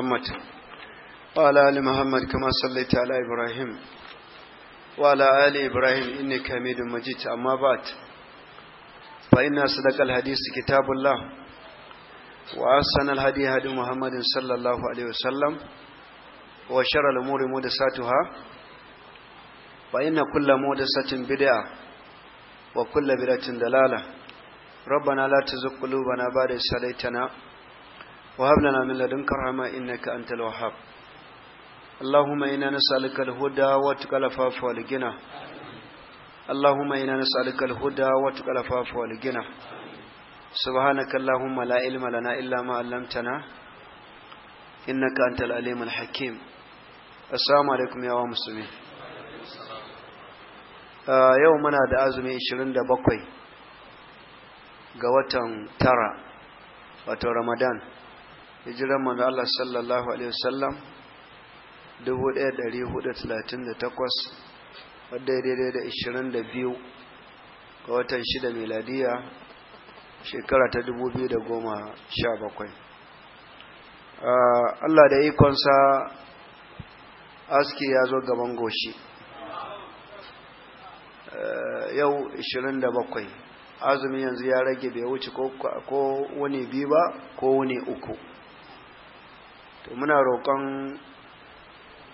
محمد وعلى آل محمد كما صليت على إبراهيم وعلى آل إبراهيم إنك حميد مجيد أما بعد فإن أصدق الحديث كتاب الله وأحسن الحديث هدي محمد صلى الله عليه وسلم وشر الأمور مدساتها فإن كل مدسة بدعة وكل بدعة دلالة ربنا لا تزغ قلوبنا بعد إذ وهب لنا من لدنك رحمة إنك أنت الوهاب اللهم إنا نسألك الهدى واتقى العفاف والغنى اللهم إنا نسألك الهدى واتقى العفاف والغنى سبحانك اللهم لا علم لنا إلا ما علمتنا إنك أنت العليم الحكيم السلام عليكم يا مسلمين yau muna da azumi 27 ga watan tara wato ramadan hijiran manzo Allah sallallahu alaihi wasallam 1438 wadda ya daidai da 22 ga watan 6 miladiya shekara ta 2017 ah, Allah da ikonsa aski ya zo gaban goshi eh, yau 27 azumi yanzu ya rage bai wuce ko wani biyu ba ko wani uku to muna roƙon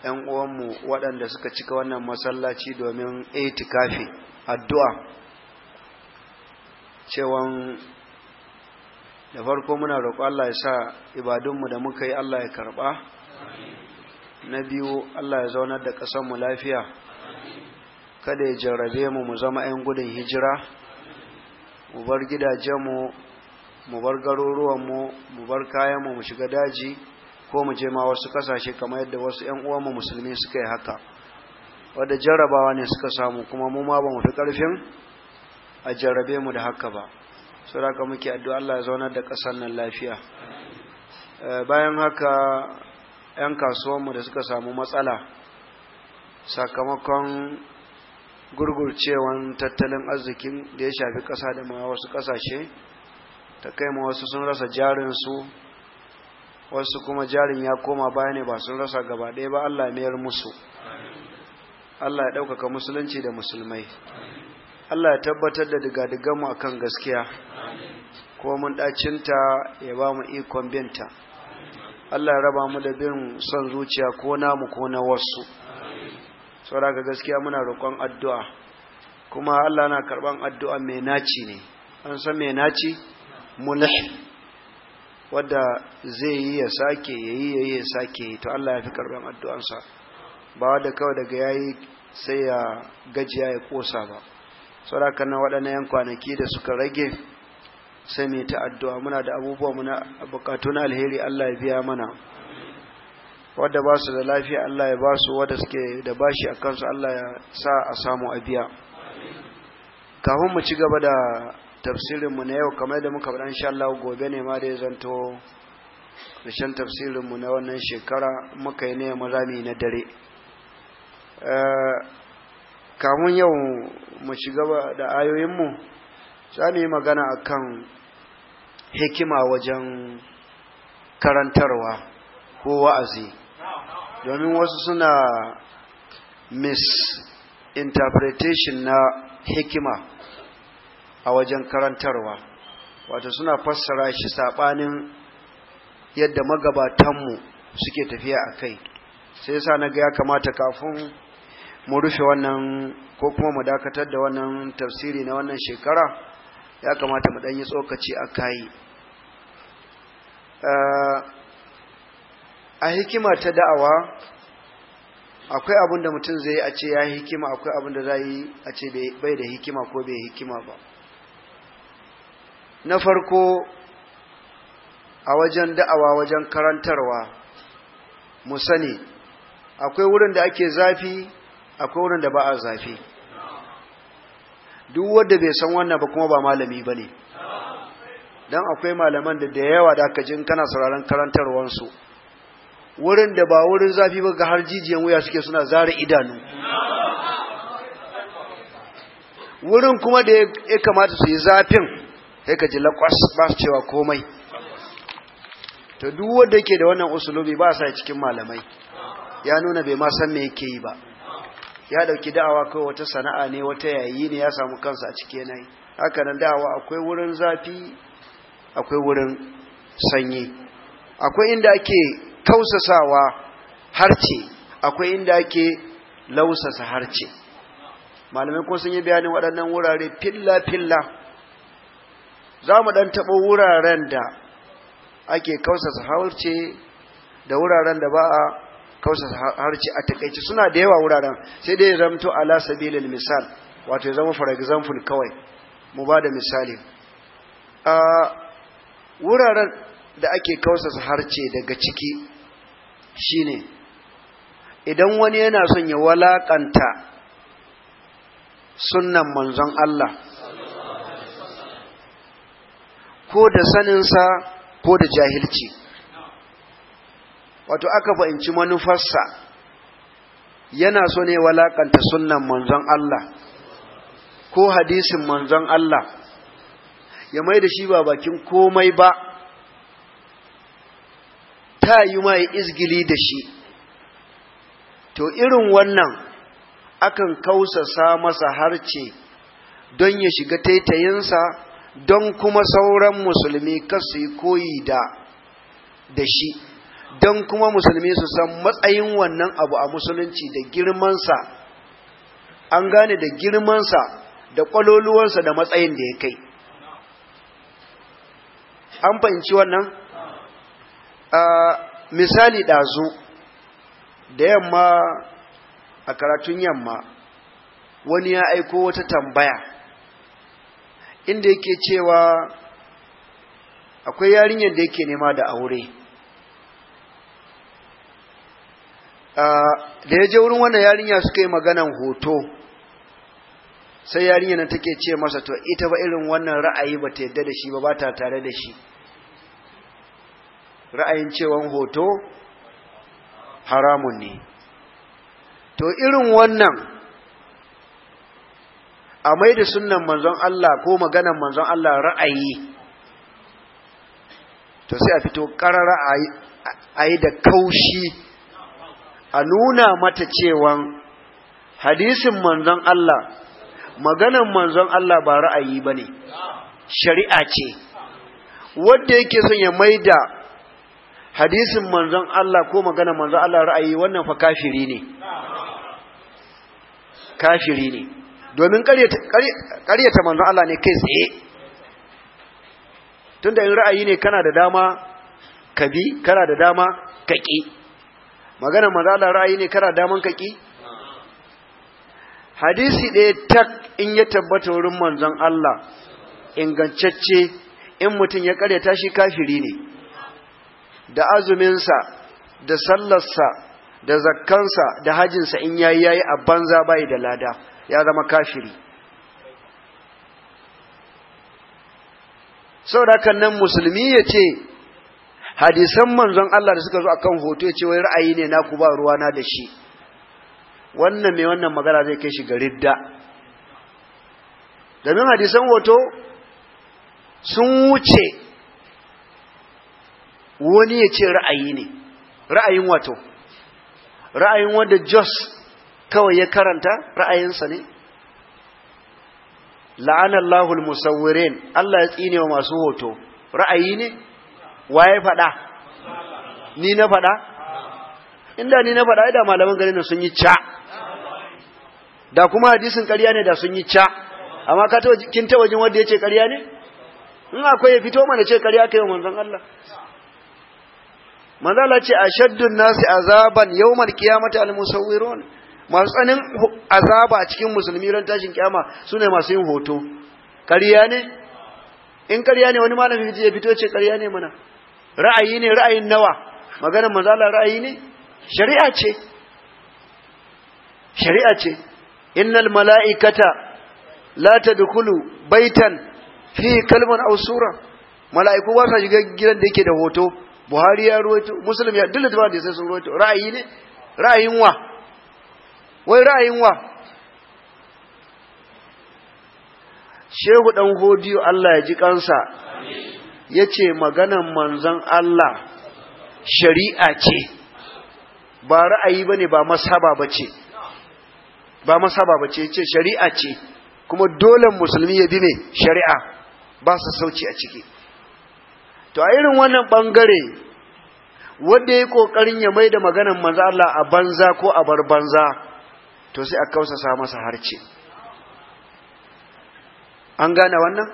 ‘yan uwanmu waɗanda suka cika wannan masallaci domin itikafi addu'a cewan da farko muna roƙo Allah ya sa ibadunmu da muka yi Allah ya karɓa na biyu Allah ya zaunar da ƙasanmu lafiya kada ya jarrabe mu mu zama 'yan gudun hijira mu bar gidajenmu mu bar garuruwanmu mu bar kayanmu mu shiga daji ko mu je ma wasu kasashe kamar yadda wasu ƴan uwanmu musulmi suka yi haka wadda jarrabawa ne suka samu kuma mu ma ba mu fi ƙarfin a jarrabe mu da haka ba su ka muke addu'a Allah ya zauna da ƙasar nan lafiya eh, bayan haka ‘yan mu da suka samu matsala sakamakon gurgurcewan tattalin arzikin da ya shafi ƙasa da ma wasu ƙasashe ta kai ma wasu sun rasa jarin su wasu kuma jarin ya koma baya ne ba sun rasa gaba ɗaya ba Allah mayar musu Allah ya ɗaukaka musulunci da musulmai Allah ya tabbatar da digadiganmu a kan gaskiya ko mun ɗacinta ya ba mu ikon binta Allah ya raba mu da bin son zuciya ko namu ko na wasu saboda ga gaskiya muna roƙon addu'a kuma Allah na karɓan addu'a mai naci ne an san mai naci mulhi wadda zai yi ya sake ya yi ya yi ya sake to Allah ya fi karɓar addu'ansa ba wadda kawai daga ya yi sai ya gajiya ya ƙosa ba sauraka na waɗannan yan kwanaki da suka rage sai mai ta addu'a muna da abubuwa muna bukatu na alheri Allah ya biya mana wadda ba su da lafiya Allah ya ba su wadda suke da bashi a kansu Allah ya sa a samu a biya kafin mu ci gaba da tafsirinmu na yau kamar da muka faɗa insha Allah gobe ne ma da ya zanto ƙarshen tafsirinmu na wannan shekara muka yi ne rami na dare eh, kamun yau mu shiga da ayoyinmu za mu yi magana akan hikima wajen karantarwa ko wa'azi domin wasu suna misinterpretation na hikima a wajen karantarwa wato suna fassara shi saɓanin yadda magabatanmu suke tafiya a kai sai sa na ga ya kamata kafin mu rufe wannan ko kuma mu dakatar da wannan tafsiri na wannan shekara ya kamata mu ɗanyi tsokaci a kayi eh, a hikima ta da'awa akwai abin da mutum zai a ce ya hikima akwai abin da za yi a ce bai da hikima ko bai hikima ba na farko a wajen da'awa wajen karantarwa mu sani akwai wurin da ake zafi akwai wurin da ba a zafi duk wanda bai san wannan ba kuma ba malami ba ne don akwai malaman da da yawa da aka jin kana sauraron karantarwarsu wurin da ba wurin zafi ba ga har jijiyan wuya suke suna zara idanu wurin kuma da ya kamata su yi zafin sai ka ji laƙwas ba su cewa komai to duk wanda yake da wannan usulubi ba sa cikin malamai ya nuna bai ma san me yake yi ba ya dauki da'awa kai wata sana'a ne wata yayi ne ya samu kansa a cike nayi haka nan da'awa akwai wurin zafi akwai wurin sanyi akwai inda ake kausasawa harce akwai inda ake lausasa harce malamai ko sun yi bayanin waɗannan wurare filla filla za mu ɗan taɓa wuraren da ake kausasa harce da wuraren da ba a kausasa harce a takaici suna da yawa wuraren sai dai zamto ala sabilil misal wato zama for example kawai mu ba da misali a wuraren da ake kausasa harce daga ciki shine idan wani yana son ya walakanta sunnan manzon Allah ko da saninsa ko da jahilci wato aka fahimci manufarsa yana so ne walakanta sunnan manzon Allah ko hadisin manzon Allah ya mai da shi ba bakin komai ba ta yi mai izgili da shi to irin wannan akan kausasa masa harce don ya shiga taitayinsa don kuma sauran musulmi kasu yi koyi da da shi don kuma musulmi su san matsayin wannan abu a musulunci da girmansa an gane da girmansa da kwaloluwansa da matsayin da ya kai an fahimci wannan misali ɗazu da yamma a karatun yamma wani ya aiko wata tambaya inda yake cewa akwai yarinyar da yake nema da aure da ya je wurin wannan yarinya suka yi maganan hoto sai yarinyar nan take ce masa to ita ba irin wannan ra'ayi ba ta yadda da shi ba ba ta tare da shi ra'ayin cewan hoto haramun ne to irin wannan a mai da sunan manzon Allah ko maganan manzon Allah ra'ayi to sai a fito karara a yi da kaushi a nuna mata cewan hadisin manzon Allah maganan manzon Allah ba ra'ayi ba ne shari'a ce wadda yake son ya mai da hadisin manzon Allah ko maganan manzon Allah ra'ayi wannan fa kafiri ne kafiri ne domin ƙaryata manzon Allah ne kai tsaye tunda in ra'ayi ne kana da dama ka bi kana da dama ka ƙi magana manzon Allah ra'ayi ne kana da daman ka ƙi hadisi ɗaya tak in ya tabbata wurin manzon Allah ingantacce in mutum ya ƙaryata shi kafiri ne da azuminsa da sallarsa da zakkansa da hajinsa in yayi yayi a banza bai da lada ya zama kafiri saboda kan nan musulmi ya ce hadisan manzon Allah da suka zo a kan hoto ya ce wai ra'ayi ne na ku ba na da shi wannan mai wannan magana zai kai shi ga ridda domin hadisan hoto sun wuce wani ya ce ra'ayi ne ra'ayin wato ra'ayin wanda jos kawai ya karanta ra'ayinsa ne la'anallahu almusawwirin Allah ya tsine wa masu hoto ra'ayi ne waye faɗa ni na faɗa inda ni na faɗa da malaman garin sun yi ca da kuma hadisin ƙarya ne da sun yi ca amma ka kin ta jin wanda yace ƙarya ne in akwai ya fito mana ce ƙarya kai manzon Allah manzala ce a shaddun nasi azaban yawmal qiyamati al musawwirun masu tsanin azaba a cikin musulmi ran tashin kyama su ne masu yin hoto ƙarya ne in ƙarya ne wani malamin ya fito ce ƙarya ne mana ra'ayi ne ra'ayin nawa maganar manzala ra'ayi ne shari'a ce shari'a ce innal mala'ikata la tadkhulu baitan fi kalman aw sura mala'iku ba sa shiga gidan da yake da hoto buhari ya ruwaito muslim ya dillata ba da sai sun ruwaito ra'ayi ne ra'ayin wa wai ra'ayin wa shehu ɗan hodiyo Allah ya ji kansa ya ce maganan manzan Allah shari'a ce ba ra'ayi ba ne ba masaba ba ce ba masaba ba ce ce shari'a ce kuma dole musulmi ya bi ne shari'a ba su sauci a ciki to a irin wannan ɓangare wanda ya ƙoƙarin ya mai da maganan manzo Allah a banza ko a bar banza to sai a sa masa harce an gane wannan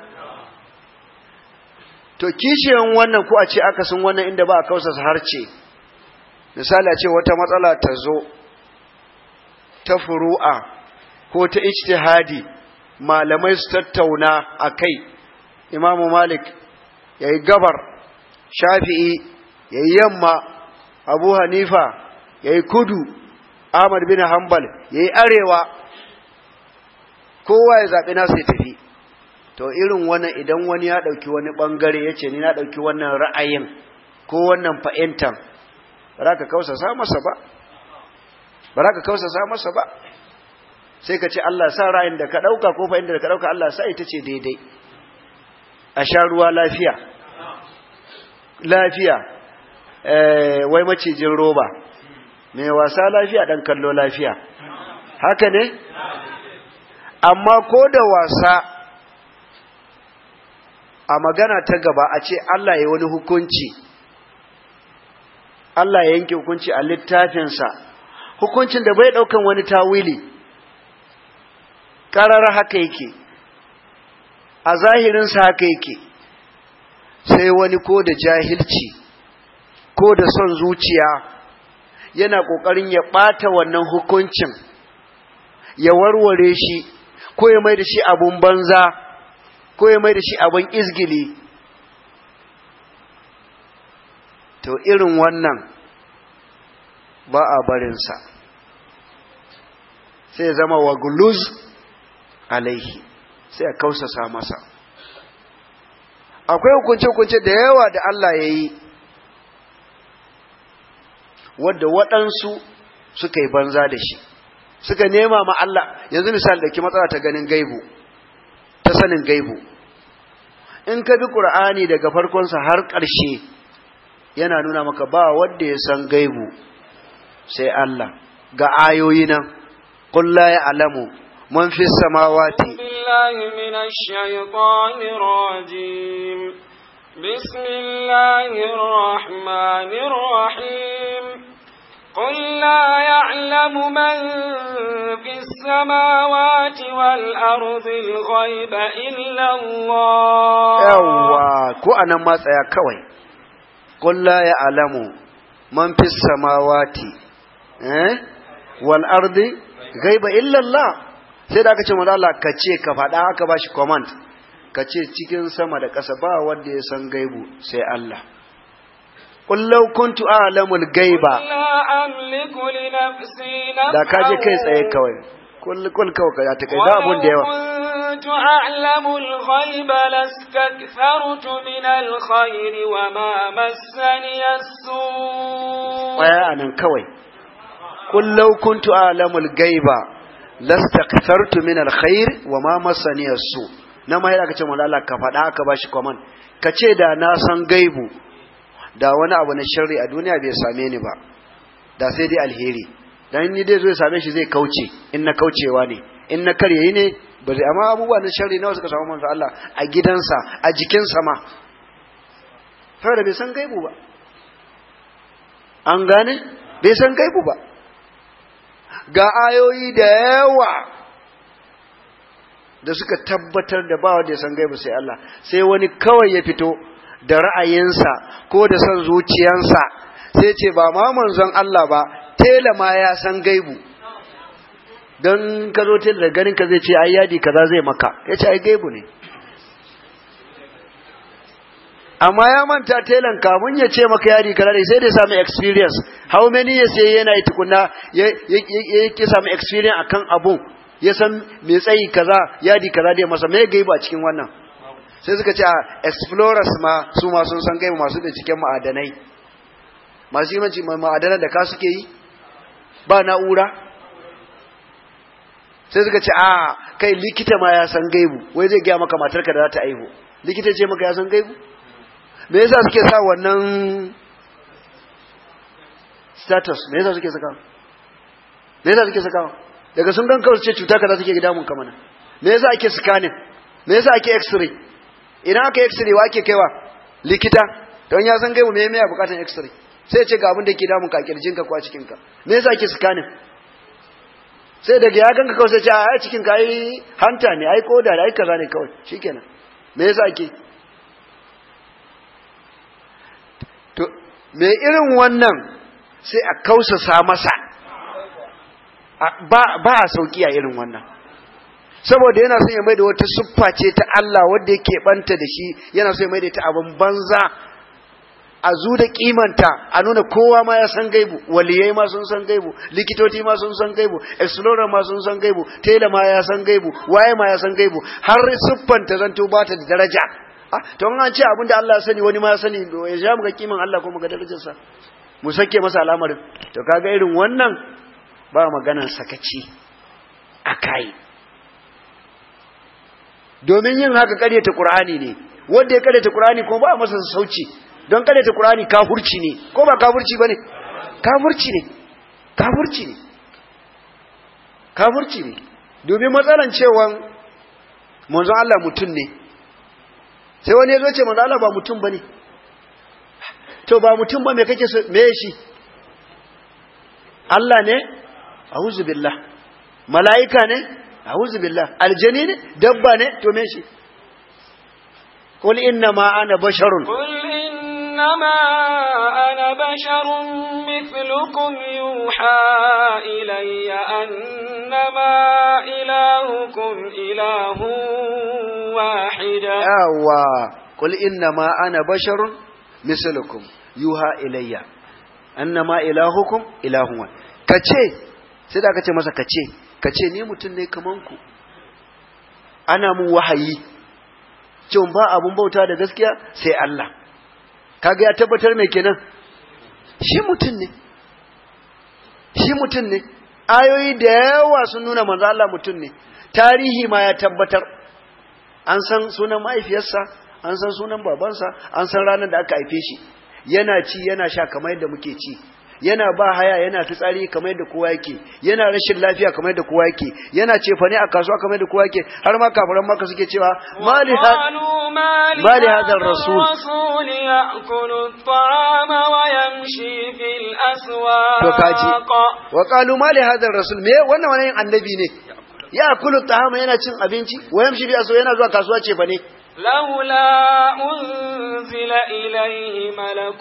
to kishiyan wannan ko a ce akasin wannan inda ba a kausasa harce misali a ce wata matsala ta zo ta furu'a ko ta ijtihadi malamai su tattauna a kai imamu malik ya yi gabar shafi'i ya yi yamma abu hanifa ya yi kudu Ahmad bin Hanbal yayi arewa kowa ya zabi nasa ya tafi to irin wannan idan wani ya dauki wani bangare yace ni na dauki wannan ra'ayin ko wannan fa'intan ba ka kausa sa masa ba ba ka kausa sa masa ba sai ka ce Allah sa ra'ayin da ka dauka ko fa'in da ka dauka Allah sa ita ce daidai a sha ruwa lafiya lafiya eh, wai macijin roba mai wasa lafiya dan kallo lafiya haka ne amma ko da wasa a magana ta gaba a ce Allah ya wani hukunci Allah ya yanke hukunci a littafinsa hukuncin da bai daukan wani tawili ƙarar haka yake a zahirinsa haka yake sai wani ko da jahilci ko da son zuciya yana ƙoƙarin ya ɓata wannan hukuncin ya warware shi ko ya mai da shi abun banza ko ya mai da shi abun izgili to irin wannan ba a barinsa sai ya zama wa guluz alaihi sai a kausasa masa akwai hukunce-hukunce da yawa da Allah ya yi wadda waɗansu suka yi banza da shi suka nema ma Allah yanzu misali da ke matsala ta ganin gaibu ta sanin gaibu in ka bi ƙur'ani daga farkonsa har ƙarshe yana nuna maka ba wadda ya san gaibu sai Allah ga ayoyi nan qul ya alamu man fi samawati bismillahir rahmanir rahim قل لا يعلم من في السماوات والأرض الغيب إلا الله أوا كو أنا ما سيكوي قل لا يعلم من في السماوات eh? والأرض غيب إلا الله sai da aka ce mada Allah ka ce ka faɗa aka ba shi command ka ce cikin sama da ƙasa ba wanda ya san gaibu sai Allah قل لو كنت أعلم الغيب لا أملك لنفسي نفعا لا كاجي كيس أي كوي كل كل كوكا يا تكاي ذا أبون ديوا كنت أعلم الغيب لاستكثرت من الخير وما مسني السوء ويا أنا كوي قل لو كنت أعلم الغيب لاستكثرت من الخير وما مسني السوء نما mahira ka ce الله Allah ka faɗa ka bashi kwaman ka da na san gaibu da wani abu na sharri a duniya bai same ni ba da sai dai alheri dan ni dai zo ya same shi zai kauce in na kaucewa ne in na karyayi ne ba zai amma abubuwa na sharri nawa suka samu manzo Allah a gidansa a jikinsa ma saboda bai san gaibu ba an gane bai san gaibu ba ga ayoyi da yawa da suka tabbatar da ba wanda ya san gaibu sai Allah sai wani kawai ya fito da ra'ayinsa ko da son zuciyansa sai ce ba ma manzon Allah ba tela ma ya san gaibu don ka zo tela ganin ka zai ce ai yadi kaza zai maka ya ce ai gaibu ne amma ya manta telan kamun ya ce maka yadi kaza sai dai samu experience how many years yayi yana yi tukuna yake samu experience akan abun ya san me tsayi kaza yadi kaza dai masa me a cikin wannan sai suka ce a explorers ma su ma sun san gaibu masu binciken ma'adanai masu yimanci ma'adana da ka suke yi ba na'ura sai suka ce a kai likita ma ya san gaibu wai zai gaya maka matar ka da za ta aihu likita ce maka ya san gaibu me yasa suke sa wannan status me yasa suke saka me yasa suke saka daga sun gan kawai ce cuta ke gida mun kamana me yasa ake scanning me yasa ake x-ray ina aka x-ray wa ake kaiwa likita don ya san gaibu me mai bukatan x-ray sai ce ga abin da ke damun ka kirjin ka kuwa a cikin ka me yasa ake scanning sai daga ya ganka kawai sai ce a cikin ka ai hanta ne ai koda da ai kaza ne kawai shikenan me yasa ake to me irin wannan sai a kausasa masa ba a sauki a irin wannan saboda yana son ya mai da wata siffa ce ta Allah wadda yake banta da shi yana son ya mai da ta abin banza a zu da kimanta a nuna kowa ma ya san gaibu waliyai ma sun san gaibu likitoci ma sun san gaibu explorer ma sun san gaibu tela ma ya san gaibu waye ma ya san gaibu har siffan ta zanto ba ta da daraja to an ce abin da Allah ya sani wani ma ya sani ya ja mu ga kiman Allah ko mu ga darajarsa mu sake masa al'amarin to kaga irin wannan ba maganan sakaci akai domin yin haka karyata qur'ani ne wanda ya karyata qur'ani ko ba masa sauci don karyata qur'ani kafurci ne ko ba kafurci bane kafurci ne kafurci ne kafurci ne domin matsalan cewan manzon Allah mutum ne sai wani ya zo ce manzon Allah ba mutum bane to ba mutum ba me kake so me shi Allah ne a'udhu billah mala'ika ne a'udhu billah aljani dabba ne to me shi qul inna ma ana basharun qul inna ma ana basharun mithlukum yuha ilayya annama ilahukum ilahu wahida yawa qul inna ma ana basharun mithlukum yuha ilayya annama ilahukum ce masa kace ka ce ni mutum ne kaman ku ana mun wahayi cewa ba abun bauta da gaskiya sai Allah kaga ya tabbatar mai kenan shi mutum ne shi mutum ne ayoyi da yawa sun nuna manzo Allah mutum ne tarihi ma ya tabbatar an san sunan mahaifiyarsa an san sunan babansa an san ranar da aka haife shi yana ci yana sha kamar yadda muke ci yana ba haya yana fitsari kamar yadda kowa yake yana rashin lafiya kamar yadda kowa yake yana cefane a kasuwa kamar yadda kowa yake har ma kafiran maka suke cewa mali mali rasul ya'kulu at-ta'ama wa yamshi fil aswaq to kaji wa qalu mali rasul me wannan wani annabi ne ya'kulu at-ta'ama yana cin abinci wa yamshi fil aswaq yana zuwa kasuwa ne. لولا أنزل إليه ملك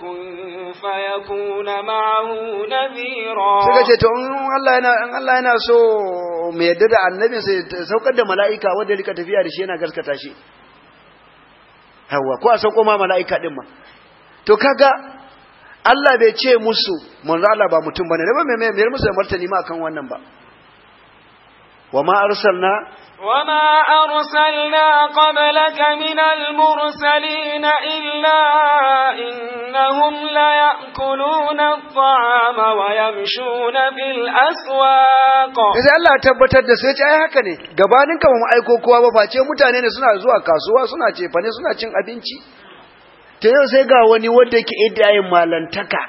فيكون معه نذيرا سكتي تو الله yana سو Allah yana so سو yadda da annabin sai saukar da mala'ika wanda rika tafiya da shi yana gaskata shi ko a ma Allah bai ce musu mun rala ba mutum bane da ba mai mai musu da martani ma akan wannan ba wa ma arsalna وما أرسلنا قبلك من المرسلين إلا إنهم ليأكلون الطعام ويمشون في الأسواق إذا الله تبتت نسيت أي هكذا gabaninka ba mu aiko kowa ba face mutane ne suna zuwa kasuwa suna cefane suna cin abinci ta yau sai ga wani wanda yake iddayin malantaka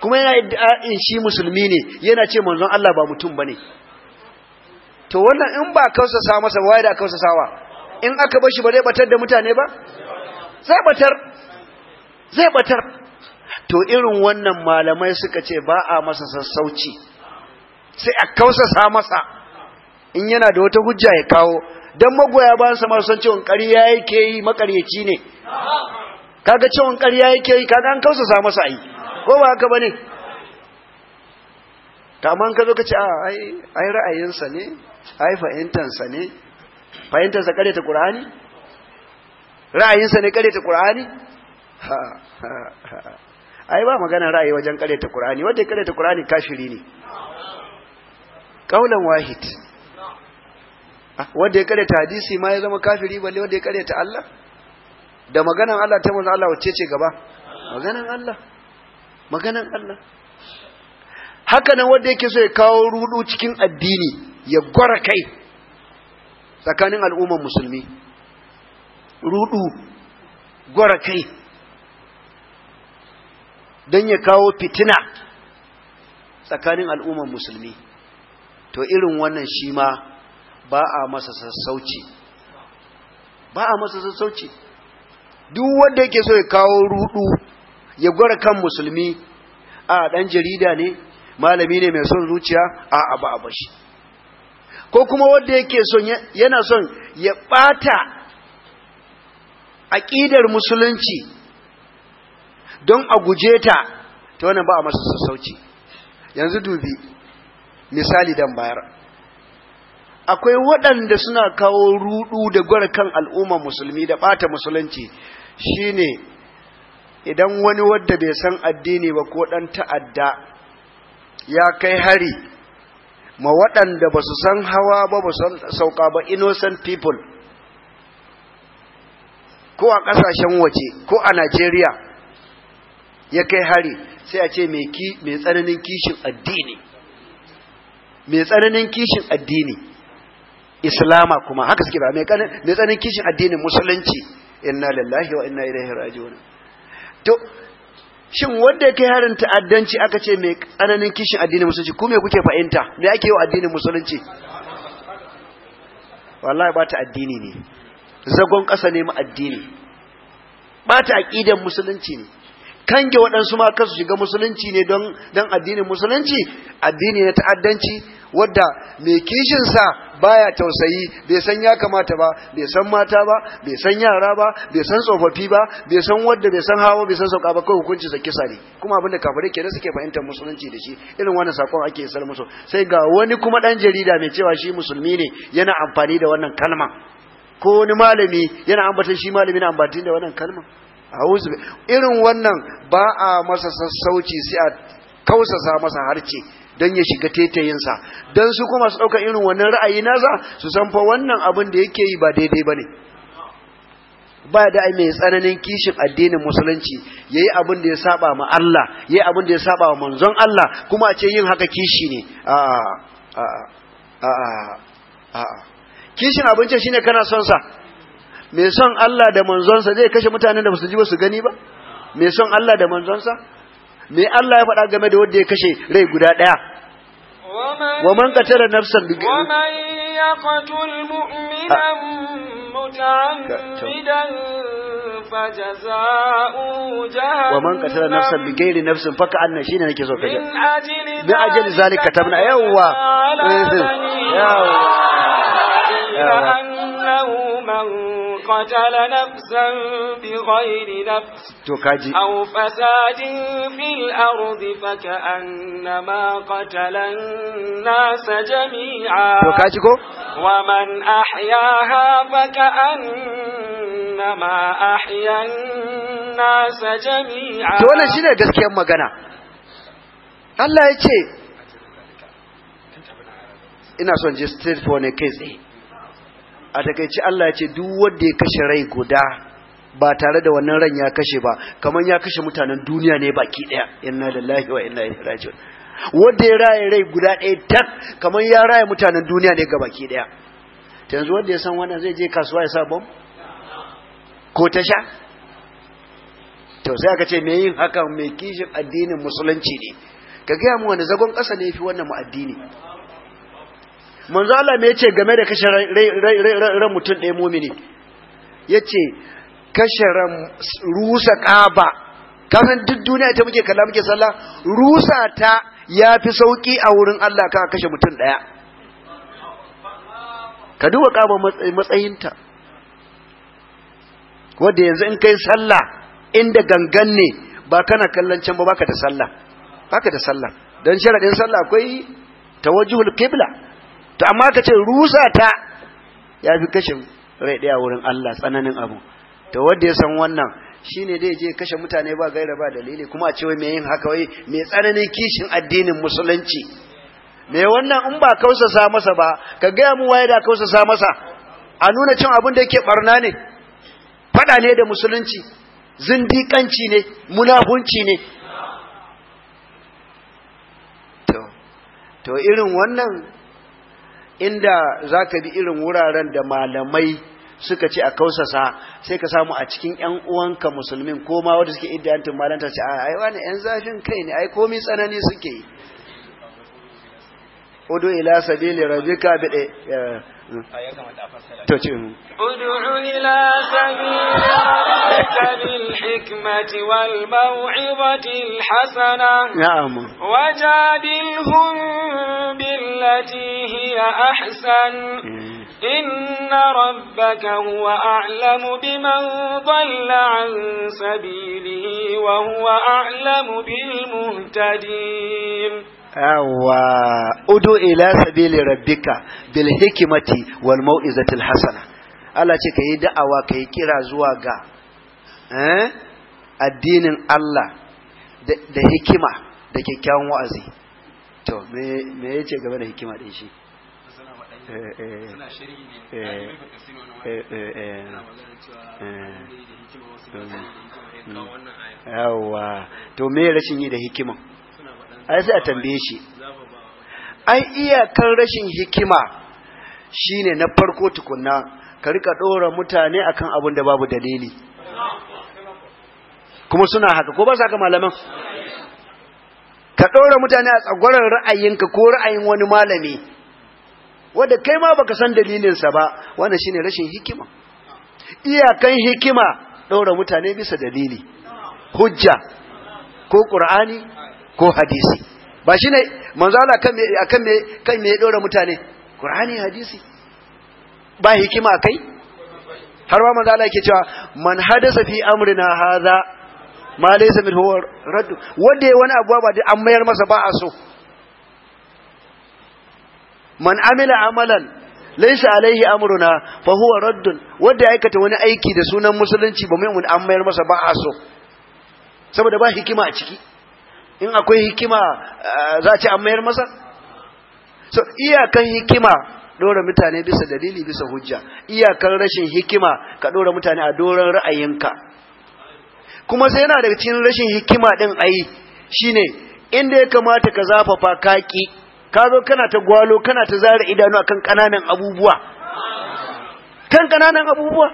kuma yana iddayin shi musulmi ne yana ce manzon Allah ba mutum bane to wannan in ba kausasa masa waye da kausasawa in aka bar shi ba zai batar da mutane ba zai batar zai batar to irin wannan malamai suka ce ba a masa sassauci sai a kausasa masa in yana da wata hujja ya kawo dan magoya ba sa masa san cewa ƙarya yake yi makaryaci ne kaga cewa ƙarya yake yi kaga an kausasa masa ai ko ba haka bane ta amma ka zo ka ce a ai ra'ayinsa ne ai fahimtansa ne fahimtansa kare ta ƙura'ani? ra'ayinsa ne kare ta ƙura'ani? ha ha ha ai ba magana ra'ayi wajen kare ta ƙura'ani. wanda kare ta qur'ani kafiri ne kaulan wahid wanda ya kare ta hadisi ma ya zama kafiri balle wanda ya kare ta Allah da maganan Allah ta manzo Allah wacce ce gaba maganan Allah maganan Allah haka nan wanda yake so ya kawo rudu cikin addini ya gwara kai tsakanin al'ummar musulmi rudu gwara kai don ya kawo fitina tsakanin al'ummar musulmi to irin wannan shi ma ba a masa sassauci ba a masa sassauci duk wanda yake so ya kawo rudu ya gwara kan musulmi a dan jarida ne malami ne mai son zuciya a abu a bashi ko kuma wanda yake son yana son ya bata aqidar musulunci don a guje ta ta wannan ba a masa sassauci yanzu dubi misali dan bayar akwai waɗanda suna kawo rudu da gwar kan al'ummar musulmi da bata musulunci shine idan wani wadda bai san addini ba ko ɗan ta'adda ya kai hari ma waɗanda ba su san hawa ba ba san sauka ba innocent people ko a ƙasashen waje ko a Najeriya ya kai hari sai a ce mai tsananin kishin addini mai tsananin kishin addini islama kuma haka suke ba mai tsananin kishin addini musulunci inna lillahi wa inna ilaihi raji'un to shin wanda ya kai harin ta'addanci aka ce mai tsananin kishin addinin musulunci ku me kuke fahimta me ake yi wa addinin musulunci wallahi ba ta addini ne zagon ƙasa ne ma addini ba ta aƙidan musulunci ne kange waɗansu ma kasu shiga musulunci ne don addinin musulunci addini na ta'addanci wadda mai sa. baya tausayi bai san ya kamata ba bai san mata ba bai san yara ba bai san tsofaffi ba bai san wadda bai san hawa bai san sauka ba kawai hukunci sa kisa ne kuma abin da kafirai kenan suke fahimtar musulunci da shi irin wannan sakon ake isar musu sai ga wani kuma dan jarida mai cewa shi musulmi ne yana amfani da wannan kalma ko wani malami yana ambatan shi malami na ambatin da wannan kalma irin wannan ba a masa sassauci sai a kausasa masa harce don ya shiga tetayinsa don su kuma su ɗauka irin wannan ra'ayi nasa su san fa wannan abin da yake yi ba daidai ba ne ba da ai mai tsananin kishin addinin musulunci ya yi abin da ya saba ma Allah ya yi abin da ya saba wa manzon Allah kuma a ce yin haka kishi ne kishin abinci shine kana son sa mai son Allah da manzon sa zai kashe mutanen da ba su ji ba su gani ba mai son Allah da manzon sa. me Allah ya faɗa game da wanda ya kashe rai guda ɗaya wa man qatala nafsan bi wa man yaqtul mu'minan muta'ammidan jazaa'u jahannam wa man qatala nafsan bi ghayri nafsin fa ka ka'anna shine nake so kaje bi ajali zalika katabna yawwa yawwa yawwa قتل نفسا بغير نفس توكاجي أو فساد في الأرض فكأنما قتل الناس جميعا توكاجي ومن أحياها فكأنما أحيا الناس جميعا to شنة shine gaskiyar magana Allah ya ce ina son je كيزي a takaice Allah ya ce duk wanda ya kashe rai guda ba tare da wannan ran ya kashe ba kamar ya kashe mutanen duniya ne baki daya inna lillahi wa inna ilaihi raji'un wanda ya raye rai guda ɗaya tak kamar ya raye mutanen duniya ne gabaki ɗaya ta yanzu wanda ya san wannan zai je kasuwa ya sa bom ko ta sha to sai aka ce me yin hakan me kishin addinin musulunci ne ka gaya mu wanda zagon ƙasa ne fi wannan mu addini manzo Allah me yace game da kashe ran mutum ɗaya mumini yace kashe ran rusa kaba kafin duk duniya ta muke kalla muke sallah rusa ta yafi sauki a wurin Allah ka kashe mutum ɗaya ka duba kaba matsayinta wanda yanzu in kai sallah inda gangan ne ba kana kallon can ba baka da sallah baka da sallah don sharaɗin sallah akwai tawajjuhul qibla to amma ka ce rusa ta ya fi kashe rai ɗaya wurin Allah tsananin abu to wanda ya san wannan shine dai je kashe mutane ba gaira ba dalili kuma a ce wai mai yin haka wai mai tsananin kishin addinin musulunci me wannan in ba kausasa masa ba ka gaya mu waye da kausasa masa a nuna cin abin da yake barna ne Faɗa ne da musulunci Zindikanci ne munafunci ne to to irin wannan inda za ka bi irin wuraren da malamai suka ce a kausasa sai ka samu a cikin ‘yan uwanka musulmin ko ma wanda suke iddiyantin malanta ce a aiwa ne ‘yan zafin kai ne ai komi tsanani suke yi Odo ila sabili rabika bi ادع إلى سبيل ربك بالحكمة والموعظة الحسنة نعم وجادلهم بالتي هي أحسن إن ربك هو أعلم بمن ضل عن سبيله وهو أعلم بالمهتدين yawa udu ila sabili rabbika bil hikmati wal mau'izati al hasana Allah ce kai da'awa kai kira zuwa ga eh addinin Allah da hikima da kyakkyawan wa'azi to me me yace game da hikima din shi suna eh, eh, eh, yawa to me rashin yi da hikiman ai sai a tambaye shi ai iyakar rashin hikima shine na farko tukunna ka rika dora mutane akan abin da babu dalili kuma suna haka ko ba sa ka malaman ka dora mutane a tsagwaron ra'ayinka ko ra'ayin wani malami wanda kai ma baka san dalilinsa ba wannan shine rashin hikima iyakan hikima dora mutane bisa dalili hujja ko qur'ani ko hadisi ba shi ne manzo Allah kan me kan me kan me dora mutane Qur'ani hadisi ba hikima kai har ma manzo Allah yake cewa man hadasa fi amrina hadha ma laysa min huwa raddu wanda wani abu ba da an mayar masa ba a so man amila amalan laysa alaihi amruna fa huwa radd wanda ya aikata wani aiki da sunan musulunci ba mai mun an mayar masa ba a so saboda ba hikima a ciki in akwai hikima eh, za ce an mayar masa so iyakan hikima dora mutane bisa dalili bisa hujja iyakan rashin hikima ka dora mutane a doron ra'ayinka kuma sai yana daga cikin rashin hikima din ayi shine inda ya kamata ka zafafa kaki ka zo kana ta gwalo kana ta zara idanu akan kananan abubuwa kan kananan abubuwa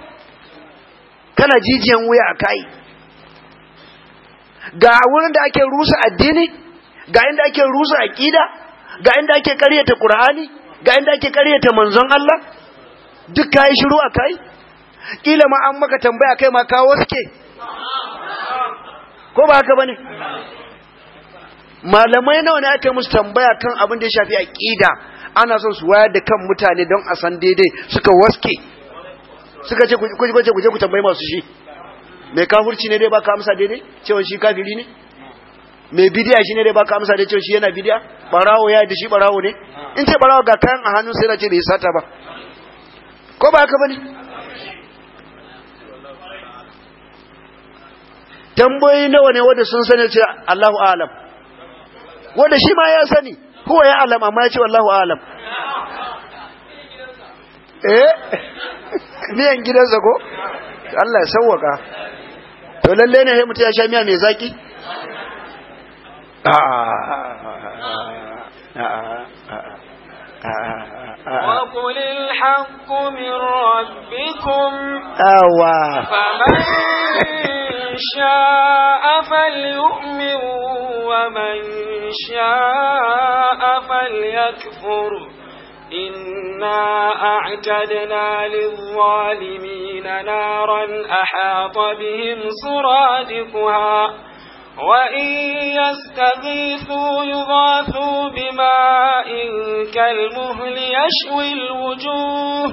kana jijiyan wuya a kai ga wurin da ake rusa addini ga inda ake rusa aqida ga inda ake ƙaryata qur'ani ga inda ake ƙaryata manzon Allah duk kai shiru akai kila ma an maka tambaya kai ma kawo suke ko ba haka bane malamai nawa ne aka musu tambaya kan abin da ya shafi aqida ana son su wayar da kan mutane don a san daidai suka waske suka ce ku je ku tambayi masu shi mai kafurci ne dai baka amsa daidai cewa shi kafiri ne mai bidiya shi ne dai baka amsa da cewa shi yana bidiya barawo ya da shi barawo ne in ce barawo ga kayan a hannun sai na ce da ya sata ba ko ba ka bane tamboyi nawa ne wanda sun sani cewa Allahu a'lam wanda shi ma ya sani huwa ya alam amma ya ce wallahu a'lam eh miyan gidansa ko Allah ya sauwaka to lalle ne sai mutum ya sha miya mai zaki وقل الحق من ربكم أوا فمن شاء فليؤمن ومن شاء فليكفر إنا أعتدنا للظالمين نارا أحاط بهم سرادقها وإن يستغيثوا يغاثوا بماء كالمهل يشوي الوجوه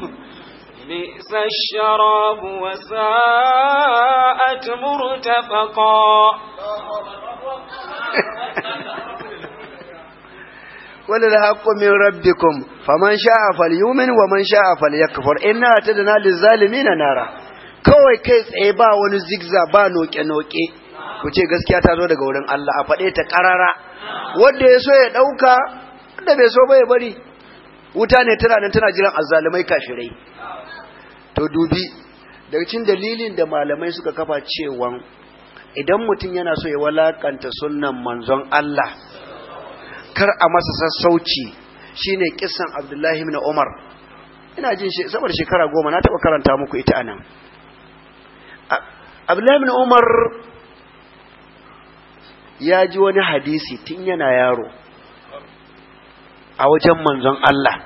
بئس الشراب وساءت مرتفقا قل الحق من ربكم فمن شاء فليؤمن ومن شاء فليكفر إنا أعتدنا للظالمين نارا kawai kai tsaye ba wani zigza ba noke-noke ku ce gaskiya ta zo daga wurin Allah a faɗe ta ƙarara wanda ya so ya ɗauka wanda bai so ba ya bari wuta ne tana nan tana jiran azzalumai kafirai. to dubi daga cikin dalilin da malamai suka kafa cewa idan mutum yana so ya walakanta sunnan manzon Allah kar a masa sassauci shine kisan Abdullahi na Umar ina jin saboda shekara goma na taɓa karanta muku ita anan Abdullahi na Umar ya ji wani hadisi tun yana yaro a wajen manzon Allah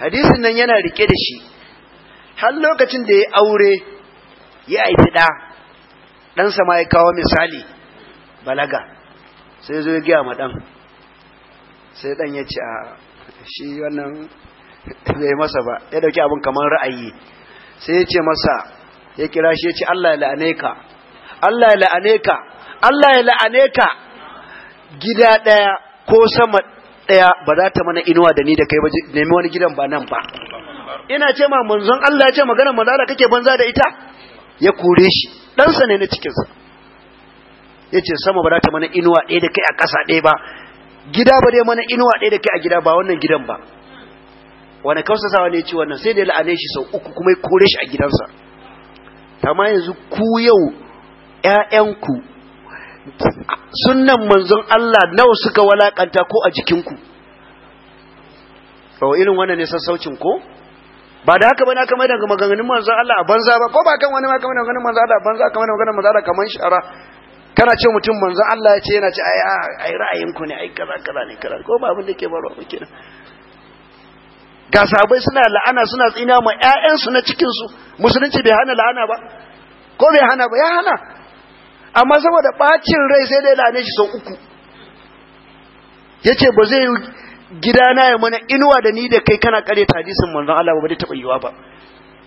hadisin nan yana rike da shi har lokacin da ya aure ya aiki ɗa ɗansa ma ya kawo misali balaga sai zo ya gaya ma ɗan sai ɗan ya ce a shi wannan bai masa ba ya ɗauki abin kamar ra'ayi sai ya ce masa ya kira shi ya ce Allah ya la'ane ka Allah ya la'ane ka Allah ya la'ane ka gida ɗaya ko sama ɗaya ba za ta mana inuwa da ni da kai ba nemi wani gidan ba nan ba ina ce ma manzon Allah ya ce magana manzala kake banza da ita ya kore shi ɗansa ne na cikinsa ce sama ba za ta mana inuwa ɗaya da kai a ƙasa ɗaya ba gida ba dai mana inuwa ɗaya da kai a gida ba wannan gidan ba wani sawa ne ci wannan sai da la'ane shi sau uku kuma ya kore shi a gidansa amma yanzu ku yau ƴaƴanku sunnan manzon Allah nawa suka walakanta ko a jikinku ba irin wannan ne sassaucin ko ba da haka bane aka mai daga maganganun manzon Allah a banza ba ko ba kan wani ma kamar maganganun manzon Allah a banza kamar maganganun manzon Allah kamar shara kana ce mutum manzon Allah ya ce yana ce ai ai ra'ayinku ne ai kaza kaza ne kaza ko ba abin da ke baro muke ga sabai suna la'ana suna tsina ma ƴaƴan su na cikin su musulunci bai hana la'ana ba ko bai hana ba ya hana amma saboda bacin rai sai dai la'ane shi sau uku yace ba zai na ya mana inuwa da ni da kai kana kare ta hadisin manzon Allah ba bai taba yiwa ba